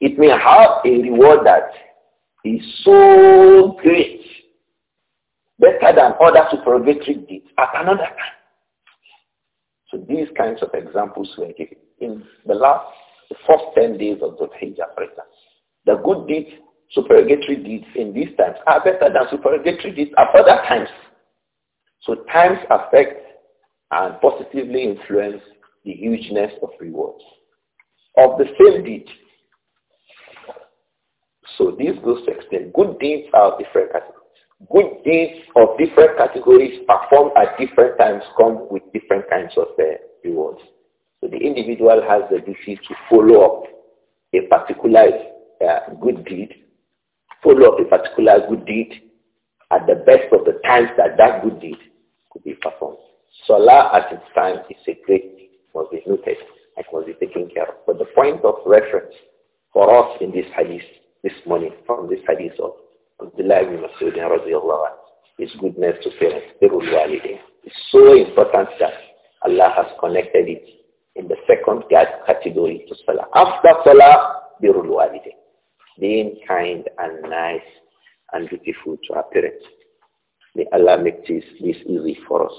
Speaker 1: It may have a reward that is so great, better than other supererogatory deeds at another time. So these kinds of examples were given in the last, the first 10 days of the Hajj for The good deeds supererogatory deeds in these times are better than supererogatory deeds at other times. So times affect and positively influence the hugeness of rewards of the same deed. So this goes to explain good deeds are different categories. Good deeds of different categories performed at different times come with different kinds of uh, rewards. So the individual has the duty to follow up a particular uh, good deed follow up a particular good deed at the best of the times that that good deed could be performed. Salah at its time is a great deed, must be noted and must be taken care of. But the point of reference for us in this hadith this morning, from this hadith of Abdullah ibn Masud is goodness to parents, birrul It's so important that Allah has connected it in the second category to Salah. After Salah, birrul walidain being kind and nice and dutiful to our parents. May Allah make this, this easy for us.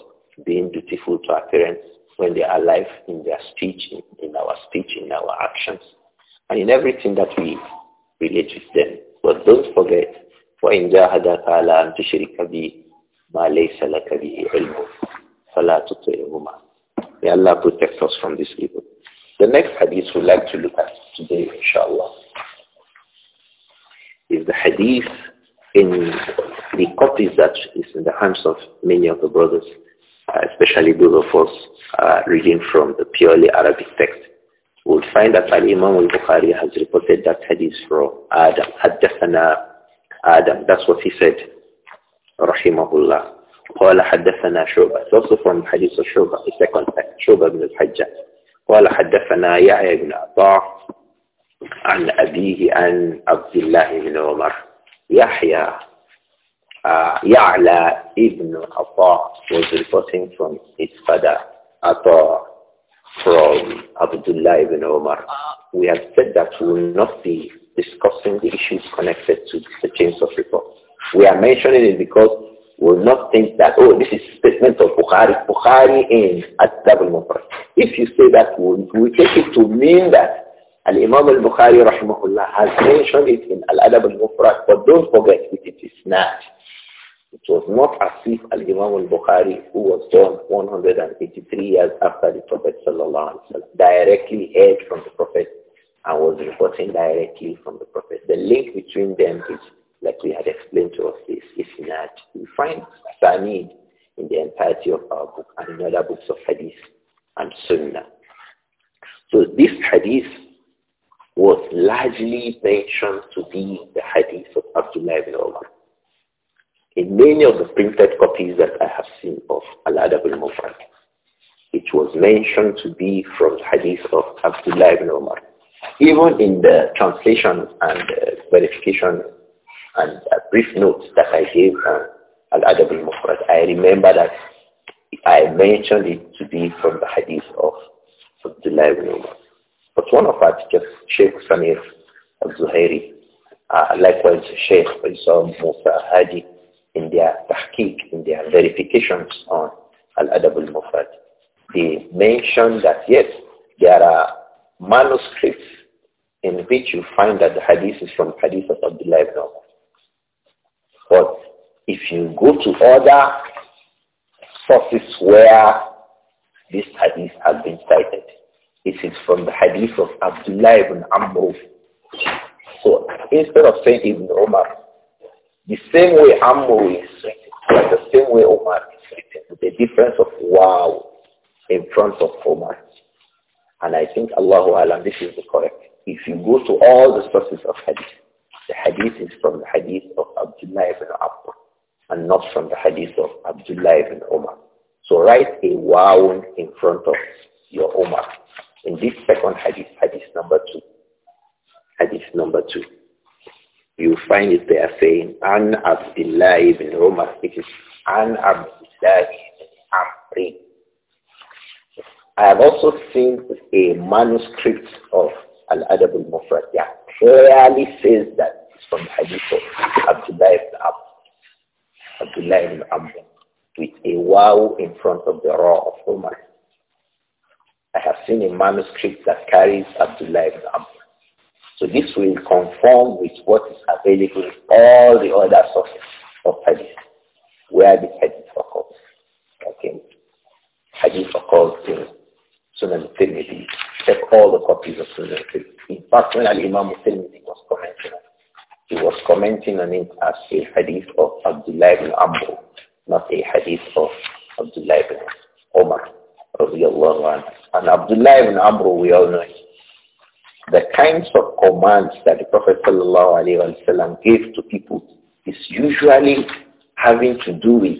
Speaker 1: Being dutiful to our parents when they are alive in their speech, in, in our speech, in our actions, and in everything that we relate with them. But don't forget, وإن جاهدك على أن تشرك بي ما ليس لك به علم فلا تطعهما. May Allah protect us from this evil. The next hadith we'd like to look at today, inshallah is the hadith in the copies that is in the hands of many of the brothers, uh, especially those of us uh, reading from the purely Arabic text. We'll find that Al-Imam al-Bukhari has reported that hadith from Adam. Haddathana Adam. That's what he said. Rahimahullah. قال حدثنا شعبة. It's also from hadith of Shuba. It's second Shuba ibn al-Hajjaj. قال حدثنا يعيى بن عطاء عن أبيه عن عبد الله بن عمر يحيى uh, Ya'la was reporting from his father Atta from Abdullah ibn Omar. We have said that we will not be discussing the issues connected to the chains of report. We are mentioning it because we will not think that, oh, this is statement of Bukhari, Bukhari in at al If you say that, we we take it to mean that Al-Imam al-Bukhari rahimahullah has mentioned it in Al-Adab al-Mufrad, but don't forget it, it is not. It was not as if imam al-Bukhari, who was born 183 years after the Prophet sallallahu alaihi wasallam, directly heard from the Prophet and was reporting directly from the Prophet. The link between them is, like we had explained to us, is not. We find Sanid in the entirety of our book and in other books of Hadith and Sunnah. So this Hadith was largely mentioned to be the hadith of Abdullah ibn Umar. In many of the printed copies that I have seen of Al-Adab al-Mufrad, it was mentioned to be from the hadith of Abdullah ibn Umar. Even in the translation and uh, verification and uh, brief notes that I gave uh, Al-Adab al-Mufrad, I remember that I mentioned it to be from the hadith of Abdullah ibn Umar. But one of our teachers, Sheikh Samir al-Zuhairi, uh, likewise Sheikh Isam Musa Hadi, in their tahqiq, in their verifications on Al-Adab al-Mufrad, they mentioned that yes, there are manuscripts in which you find that the hadith is from hadith of Abdullah ibn Umar. But if you go to other sources where this hadith has been cited, this is from the hadith of Abdullah ibn Amr. So instead of saying Ibn Umar, the same way Amr is written, the same way Umar is written, with the difference of wow in front of Umar. And I think Allahu Alam, this is the correct. If you go to all the sources of hadith, the hadith is from the hadith of Abdullah ibn Amr and not from the hadith of Abdullah ibn Umar. So write a wow in front of your Umar. In this second hadith, hadith number two, hadith number two, you find it there saying, An Abdullah ibn Umar. It is An Abdullah ibn Amri. I have also seen a manuscript of Al-Adab al-Mufrad. Yeah, clearly says that it's from the hadith of Abdullah ibn Amr. Abdullah ibn Amr with a wow in front of the raw of Umar. I have seen a manuscript that carries Abdullah ibn Amr. So this will conform with what is available in all the other sources of hadith, where the hadith occurs. Okay? Hadith occurs in Sunan al-Tirmidhi. Check all the copies of Sunan al-Tirmidhi. In fact, when Al-Imam al-Tirmidhi was commenting he was commenting on it as a hadith of Abdullah ibn Amr, not a hadith of Abdullah ibn Omar, radiallahu anhu. And Abdullah ibn Amr, we all know him. The kinds of commands that the Prophet ﷺ gave to people is usually having to do with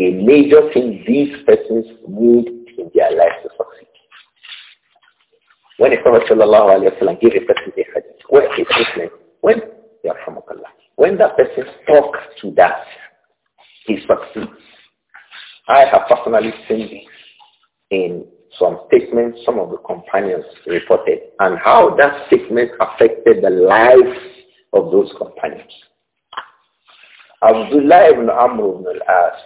Speaker 1: a major thing these persons need in their life to succeed. When the Prophet ﷺ gave a person a hadith, when a statement, when, when that person talks to that, he succeeds. I have personally seen this in some statements some of the companions reported and how that statement affected the lives of those companions. Abdullah ibn Amr ibn al-As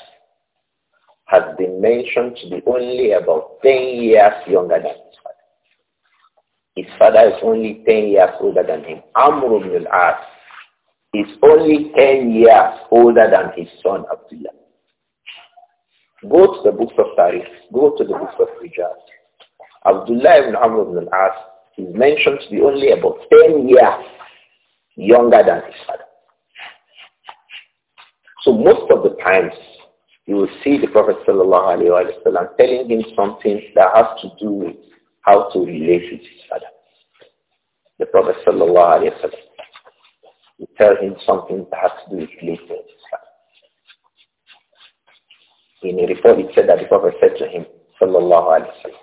Speaker 1: has been mentioned to be only about 10 years younger than his father. His father is only 10 years older than him. Amr ibn al-As is only 10 years older than his son Abdullah. Go to the books of Tariq, go to the books of Rijal, Abdullah ibn Amr ibn al-As is mentioned to be only about 10 years younger than his father. So most of the times, you will see the Prophet wasallam telling him something that has to do with how to relate with his father. The Prophet wasallam will tell him something that has to do with relating with his father. In a report, it said that the Prophet said to him, sallallahu alayhi wa sallam,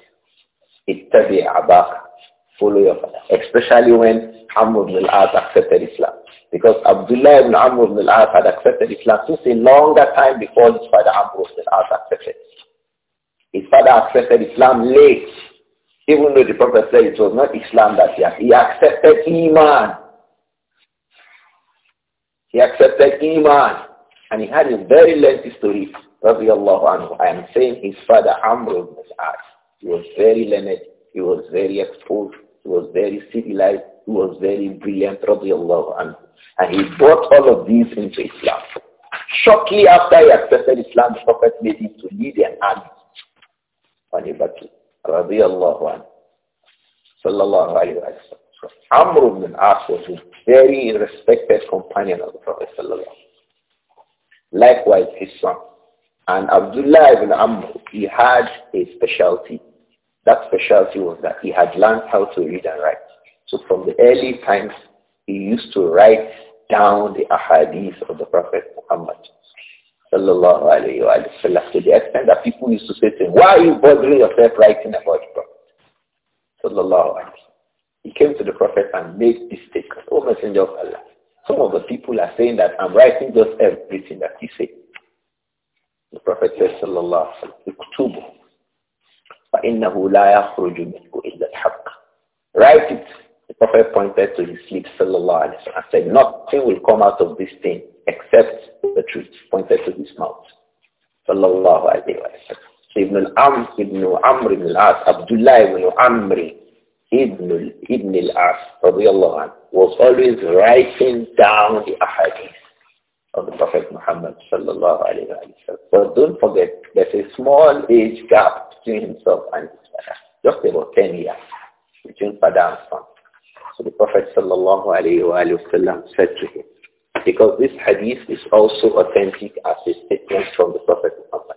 Speaker 1: Ittabi abaka. Follow your father. Especially when Amr ibn al-As accepted Islam. Because Abdullah ibn Amr ibn al-As had accepted Islam since a longer time before his father Amr ibn al-As accepted. His father accepted Islam late. Even though the Prophet said it was not Islam that he, he accepted Iman. He accepted Iman. And he had a very lengthy story, radiallahu anhu. I am saying his father Amr ibn al-As he was very learned. He was very exposed. He was very civilized. He was very brilliant, radiallahu anhu. And he brought all of these into Islam. Shortly after he accepted Islam, the Prophet made him to lead an army on a battle, radiallahu anhu. Sallallahu alayhi wa sallam. Amr ibn As was a very respected companion of the Prophet sallallahu Likewise, his son. And Abdullah ibn Amr, he had a specialty. That specialty was that he had learned how to read and write. So from the early times, he used to write down the ahadith of the Prophet Muhammad sallallahu alayhi wa sallam to the extent that people used to say to him, why are you bothering yourself writing about the Prophet? Sallallahu alayhi He came to the Prophet and made this statement, oh, Messenger of Allah, some of the people are saying that I'm writing just everything that he said. The Prophet said, sallallahu alayhi wa sallam, فَإِنَّهُ لَا يَخْرُجُ مِنْهُ إِلَّا الْحَقِّ Write it. The Prophet pointed to his lips, sallallahu alayhi wa and said, nothing will come out of this thing except the truth pointed to his mouth. Sallallahu alayhi wa So Ibn al-Amr, Ibn Amr ibn al-As, Abdullah ibn Amr ibn, ibn al-As, radiallahu anhu, was always writing down the ahadith of the Prophet Muhammad sallallahu alayhi wa But don't forget, there's a small age gap between himself and his father, just about 10 years between father and son. So the Prophet sallallahu alayhi wa said to him, because this hadith is also authentic as a statement from the Prophet Muhammad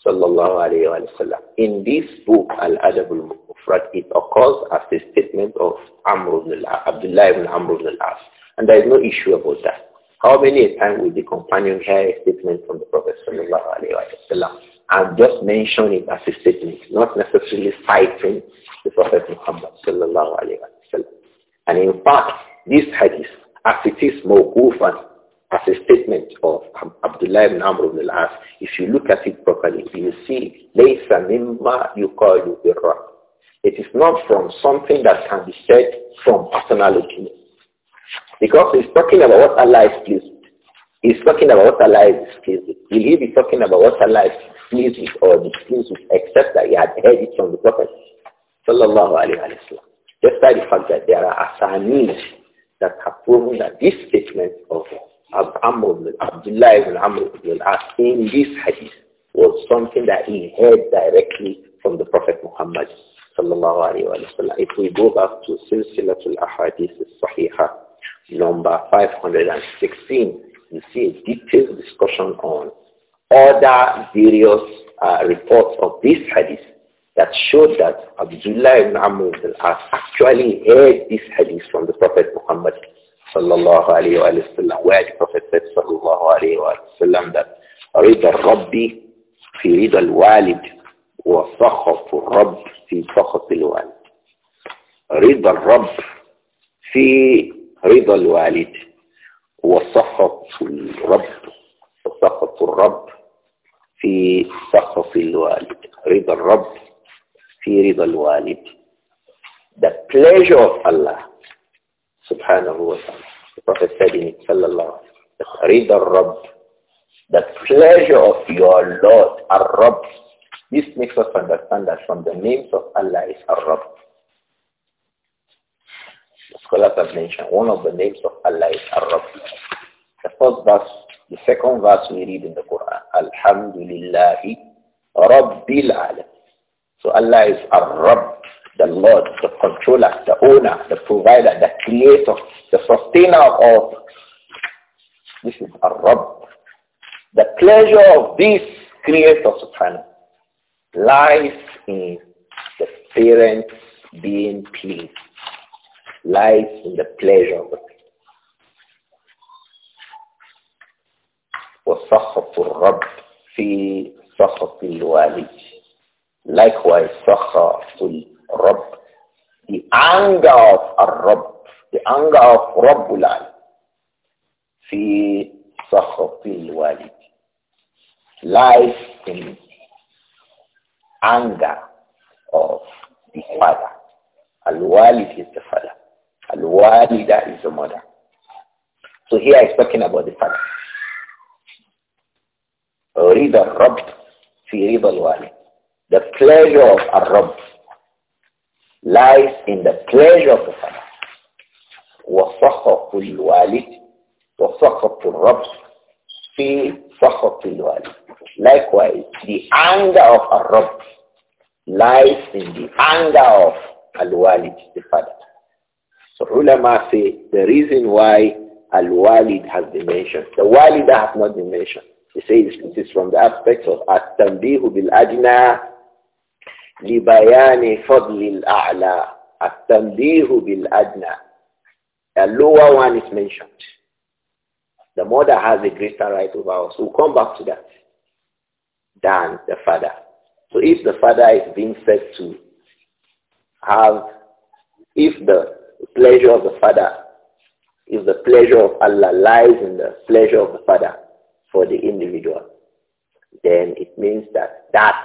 Speaker 1: sallallahu alayhi wa In this book, Al-Adab al-Mufrad, it occurs as a statement of Amr ibn Abdullah ibn Amr ibn al-As. And there is no issue about that. How many times will the companion hear a statement from the Prophet sallallahu wasallam and just mention it as a statement, not necessarily citing the Prophet Muhammad sallallahu alayhi wasallam. And in fact, this hadith, as it is mawqufan, as a statement of Abdullah ibn Amr ibn al-As, if you look at it properly, you see, لَيْسَ مِمَّا يُقَالُ بِالرَّحْمِ It is not from something that can be said from personal opinion. Because he's talking about what Allah is pleased with. He's talking about what Allah is pleased with. Will he be talking about what Allah is pleased with or displeased with except that he had heard it from the Prophet? Sallallahu alayhi wa sallam. Despite the fact that there are asanis that have proven that this statement of Amr Abdullah ibn Amr ibn al in this hadith was something that he heard directly from the Prophet Muhammad sallallahu alayhi wa sallam. If we go back to Silsilatul Ahadith al-Sahihah, number 516, you see a detailed discussion on other various uh, reports of this hadith that showed that Abdullah ibn Amr has actually heard this hadith from the Prophet Muhammad sallallahu alayhi wa sallam, where the Prophet said sallallahu alayhi wa sallam that رضا الرب في رضا الوالد وسخط الرب في سخط الوالد رضا الرب في رضا الوالد وسخط الرب سخط الرب في سخط الوالد رضا الرب في رضا الوالد the pleasure of Allah سبحانه وتعالى الرب الثاني صلى الله عليه رضا الرب the pleasure of your Lord الرب this makes us understand that from the names of Allah is الرب As scholars have mentioned, one of the names of Allah is Ar-Rabb. The first verse, the second verse we read in the Quran, Alhamdulillahi Rabbil Alam. So Allah is Ar-Rabb, the Lord, the controller, the owner, the provider, the creator, the sustainer of all. This is Ar-Rabb. The pleasure of this creator subhanahu lies in the parents being pleased lies in the pleasure of it. وسخط الرب في سخط likewise the anger of الرب the anger of رب العالم في سخط الوالد lies in anger of the father الوالد is the father Al-walida is the mother. So here he's talking about the father. Rida rabt fi rida al The pleasure of a Rob lies in the pleasure of the father. وسخط الوالد وسخط الرب في سخط الوالد likewise the anger of a Rob lies in the anger of al-walid the father so ulama say the reason why al-walid has been mentioned, the walida has not been mentioned. He says it is from the aspects of at-tanbihu bil-adna libayani fadli al-a'la. At-tanbihu bil-adna. The lower one is mentioned. The mother has a greater right over us. We'll come back to that. Than the father. So if the father is being said to have, if the the pleasure of the Father is the pleasure of Allah, lies in the pleasure of the Father for the individual. Then it means that that,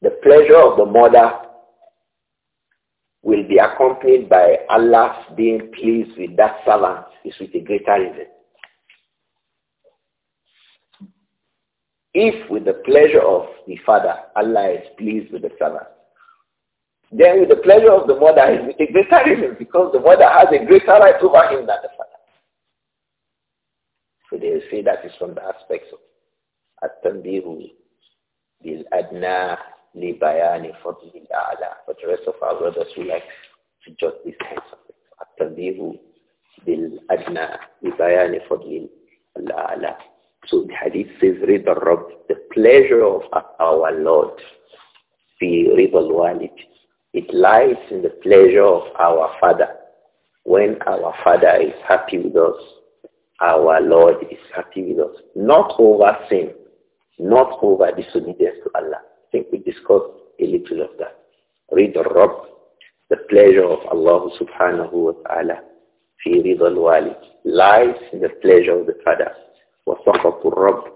Speaker 1: the pleasure of the mother will be accompanied by Allah being pleased with that servant is with a greater reason. If with the pleasure of the Father, Allah is pleased with the servant, then with the pleasure of the mother is a greater reason because the mother has a greater right over him than the father. So they say that is from the aspects of at bil-adna li-bayani fadlil-a'la. But the rest of our brothers will like to jot these kinds of things. at bil-adna li-bayani ala So the hadith says, رِضَ الرَّبِّ The pleasure of our Lord. the رضا it lies in the pleasure of our Father. When our Father is happy with us, our Lord is happy with us. Not over sin, not over disobedience to Allah. I think we discussed a little of that. Read the Rabb, the pleasure of Allah subhanahu wa ta'ala fi ridal walid lies in the pleasure of the Father. وَسَخَطُ الرَّبِّ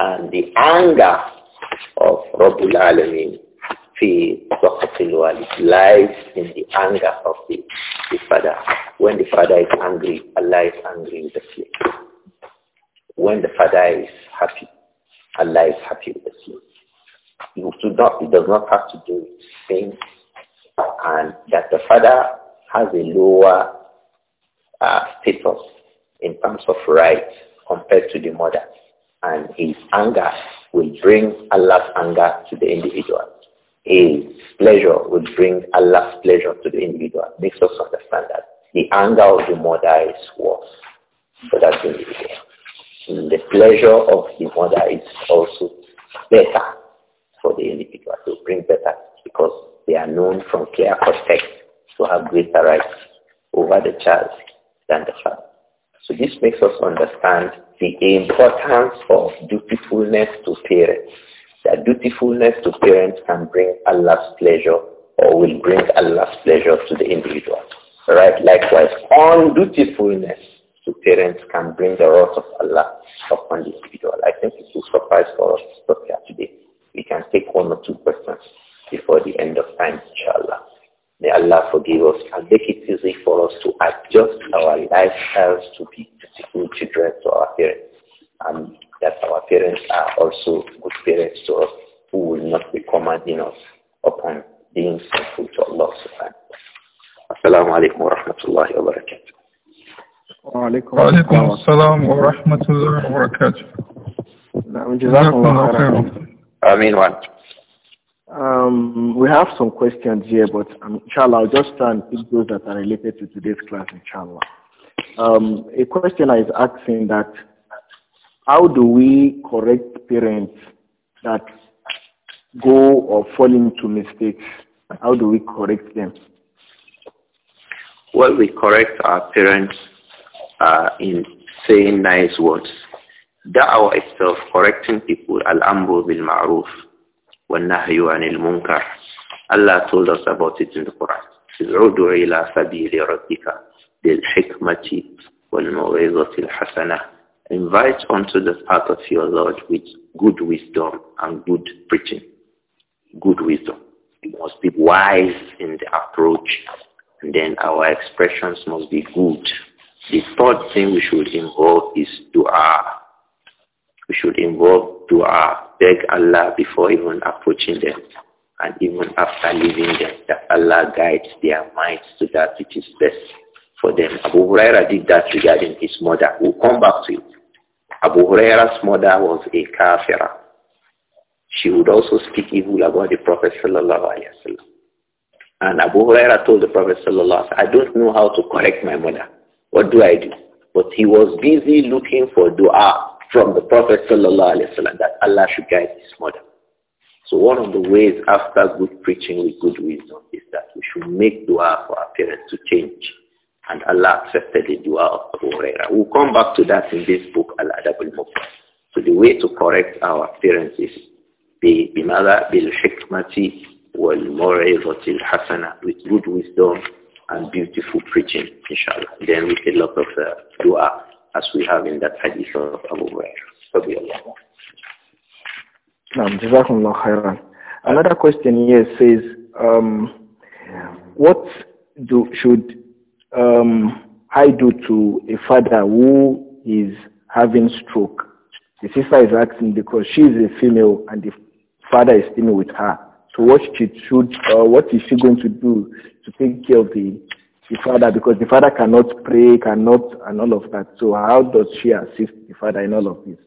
Speaker 1: And the anger of Rabbul Alameen في سخط lies in the anger of the, the father. When the father is angry, Allah is angry with the slave. When the father is happy, Allah is happy with the slave. not, it does not have to do with and that the father has a lower uh, status in terms of rights compared to the mother. And his anger will bring Allah's anger to the individual is pleasure would bring Allah's pleasure to the individual. Makes us understand that the anger of the mother is worse for that individual. The pleasure of the mother is also better for the individual to bring better because they are known from care context to have greater rights over the child than the father. So this makes us understand the importance of dutifulness to parents that dutifulness to parents can bring Allah's pleasure or will bring Allah's pleasure to the individual. Right? Likewise, undutifulness to parents can bring the wrath of Allah upon the individual. I think it will suffice for us to stop here today. We can take one or two questions before the end of time, inshallah. May Allah forgive us and make it easy for us to adjust our lifestyles to be dutiful children to our parents. Um, that our parents are also good parents to us who will not be commanding us upon being thankful to Allah subhanahu wa alaikum wa rahmatullahi wa barakatuh. وعليكم السلام ورحمة الله وبركاته. جزاكم الله خيرا. آمين وأنتم. Um, we have some questions here, but um, inshallah, I'll just try and pick those that are related to today's class, inshallah. Um, a questioner is asking that how do we correct parents that go or fall into mistakes? How do we correct them? Well, we correct our parents uh, in saying nice words. Da'wah itself, correcting people, al-amru bil ma'ruf, wal-nahyu anil munkar. Allah told us about it in the Quran. ادعو إلى سبيل ربك بالحكمة والموعظة hasanah Invite unto the path of your Lord with good wisdom and good preaching. Good wisdom. We must be wise in the approach and then our expressions must be good. The third thing we should involve is dua. We should involve dua. Beg Allah before even approaching them and even after leaving them that Allah guides their minds so that it is best for them. Abu Huraira did that regarding his mother. We'll come back to it. Abu Huraira's mother was a kafira. She would also speak evil about the Prophet sallallahu alaihi wasallam. And Abu Huraira told the Prophet sallallahu alaihi wasallam, I don't know how to correct my mother. What do I do? But he was busy looking for dua from the Prophet sallallahu alaihi wasallam that Allah should guide his mother. So one of the ways after good preaching with good wisdom is that we should make dua for our parents to change. And Allah accepted the dua of Abu Huraira. We'll come back to that in this book, Al-Adab al-Mufrad. So the way to correct our appearance is بماذا بالحكمة والموعظة الحسنة with good wisdom and beautiful preaching inshallah then with a lot of uh, dua as we have in that hadith of Abu Hurairah another question here says um, what do should um, I do to a father who is having stroke. The sister is asking because she is a female and the father is still with her. So what she should, uh, what is she going to do to take care of the, the father? Because the father cannot pray, cannot, and all of that. So how does she assist the father in all of this?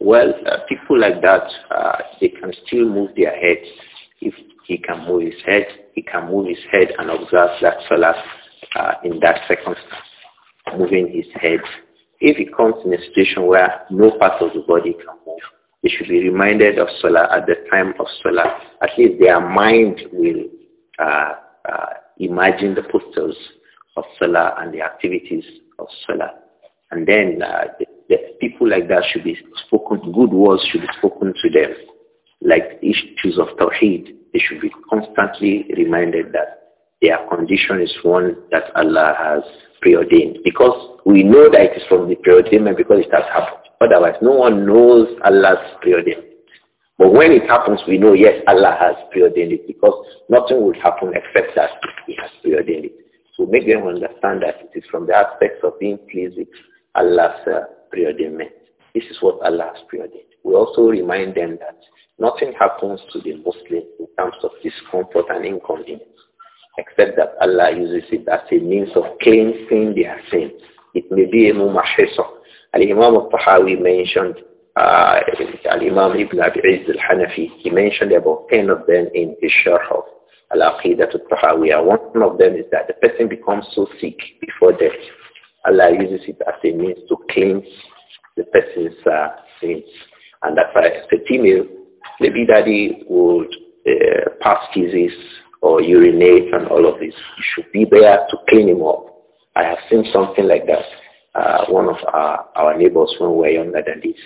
Speaker 1: Well, uh, people like that, uh, they can still move their heads. If he can move his head, he can move his head and observe that last uh, in that circumstance, moving his head. If he comes in a situation where no part of the body can move, they should be reminded of Salah at the time of Salah. At least their mind will uh, uh, imagine the postures of Salah and the activities of Salah. And then uh, the, the people like that should be spoken, good words should be spoken to them. Like issues of Tawheed, they should be constantly reminded that their condition is one that Allah has preordained. Because we know that it is from the preordainment because it has happened. Otherwise, no one knows Allah's preordainment. But when it happens, we know, yes, Allah has preordained it because nothing would happen except that He has preordained it. So make them understand that it is from the aspects of being pleased with Allah's uh, preordainment. This is what Allah has preordained. We also remind them that nothing happens to the Muslim in terms of discomfort and inconvenience except that Allah uses it as a means of cleansing their sins. It may be a mumahisa. Al-Imam al-Tahawi mentioned, uh, Al-Imam Ibn Abi Izz al-Hanafi, he mentioned about 10 of them in his sharh of Al-Aqidah al-Tahawiyah. One of them is that the person becomes so sick before death. Allah uses it as a means to cleanse the person's uh, sins. And that's why the female, the daddy would uh, pass kisses or urinate and all of this. You should be there to clean him up. I have seen something like that. Uh, one of our, our neighbors when we were younger than this,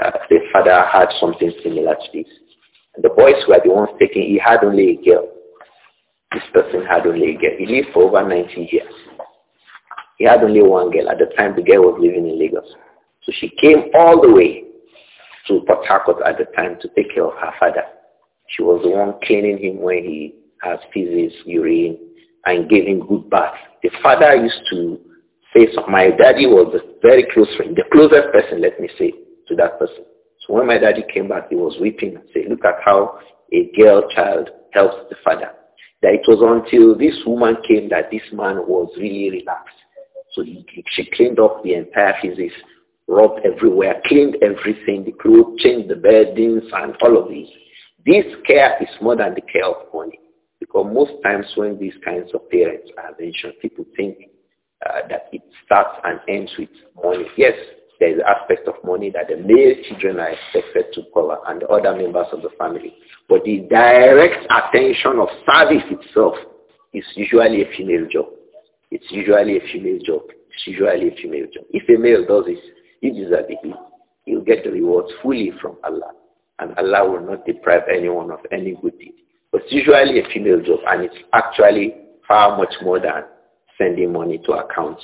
Speaker 1: uh, the father had something similar to this. the boys were the ones taking, he had only a girl. This person had only a girl. He lived for over 90 years. He had only one girl. At the time, the girl was living in Lagos. So she came all the way to Port Harcourt at the time to take care of her father. She was the one cleaning him when he has feces, urine, and giving good bath. The father used to say, so my daddy was a very close friend, the closest person, let me say, to that person. So when my daddy came back, he was weeping and said, look at how a girl child helps the father. That it was until this woman came that this man was really relaxed. So he, she cleaned up the entire physics, rubbed everywhere, cleaned everything, the clothes, changed the beddings and all of these. This care is more than the care of money. Because most times when these kinds of parents are mentioned, people think uh, that it starts and ends with money. Yes, there is aspects aspect of money that the male children are expected to cover and the other members of the family. But the direct attention of service itself is usually a female job. It's usually a female job. It's usually a female job. If a male does this, he deserves it. He'll get the rewards fully from Allah. And Allah will not deprive anyone of any good deed. But it's usually a female job and it's actually far much more than sending money to accounts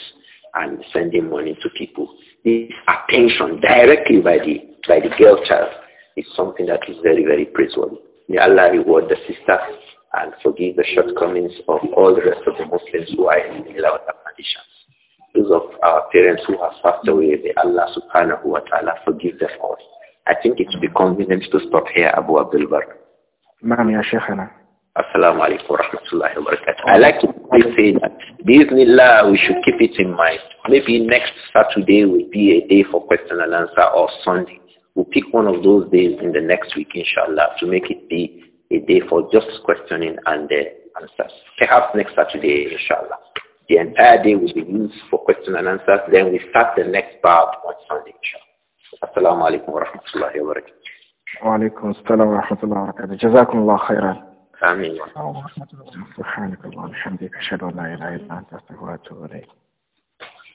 Speaker 1: and sending money to people. This attention directly by the, by the girl child is something that is very, very praiseworthy. May Allah reward the sister and forgive the shortcomings of all the rest of the Muslims who are in similar conditions. Those of our parents who have passed away, may Allah subhanahu wa ta'ala forgive them all. I think it would be convenient to stop here, Abu Abdul نعم يا شيخنا Assalamu alaikum wa rahmatullahi wa barakatuh. I like to say that Bismillah, we should keep it in mind. Maybe next Saturday will be a day for question and answer or Sunday. We'll pick one of those days in the next week, inshallah, to make it be a day for just questioning and uh, answers. Perhaps next Saturday, inshallah. The entire day will be used for question and answers. Then we start the next part on Sunday, inshallah. Assalamu alaikum wa rahmatullahi wa barakatuh. وعليكم السلام ورحمة الله وبركاته جزاكم الله خيرا آمين سبحانك اللهم وبحمدك أشهد أن لا إله إلا أنت أستغفرك وأتوب إليك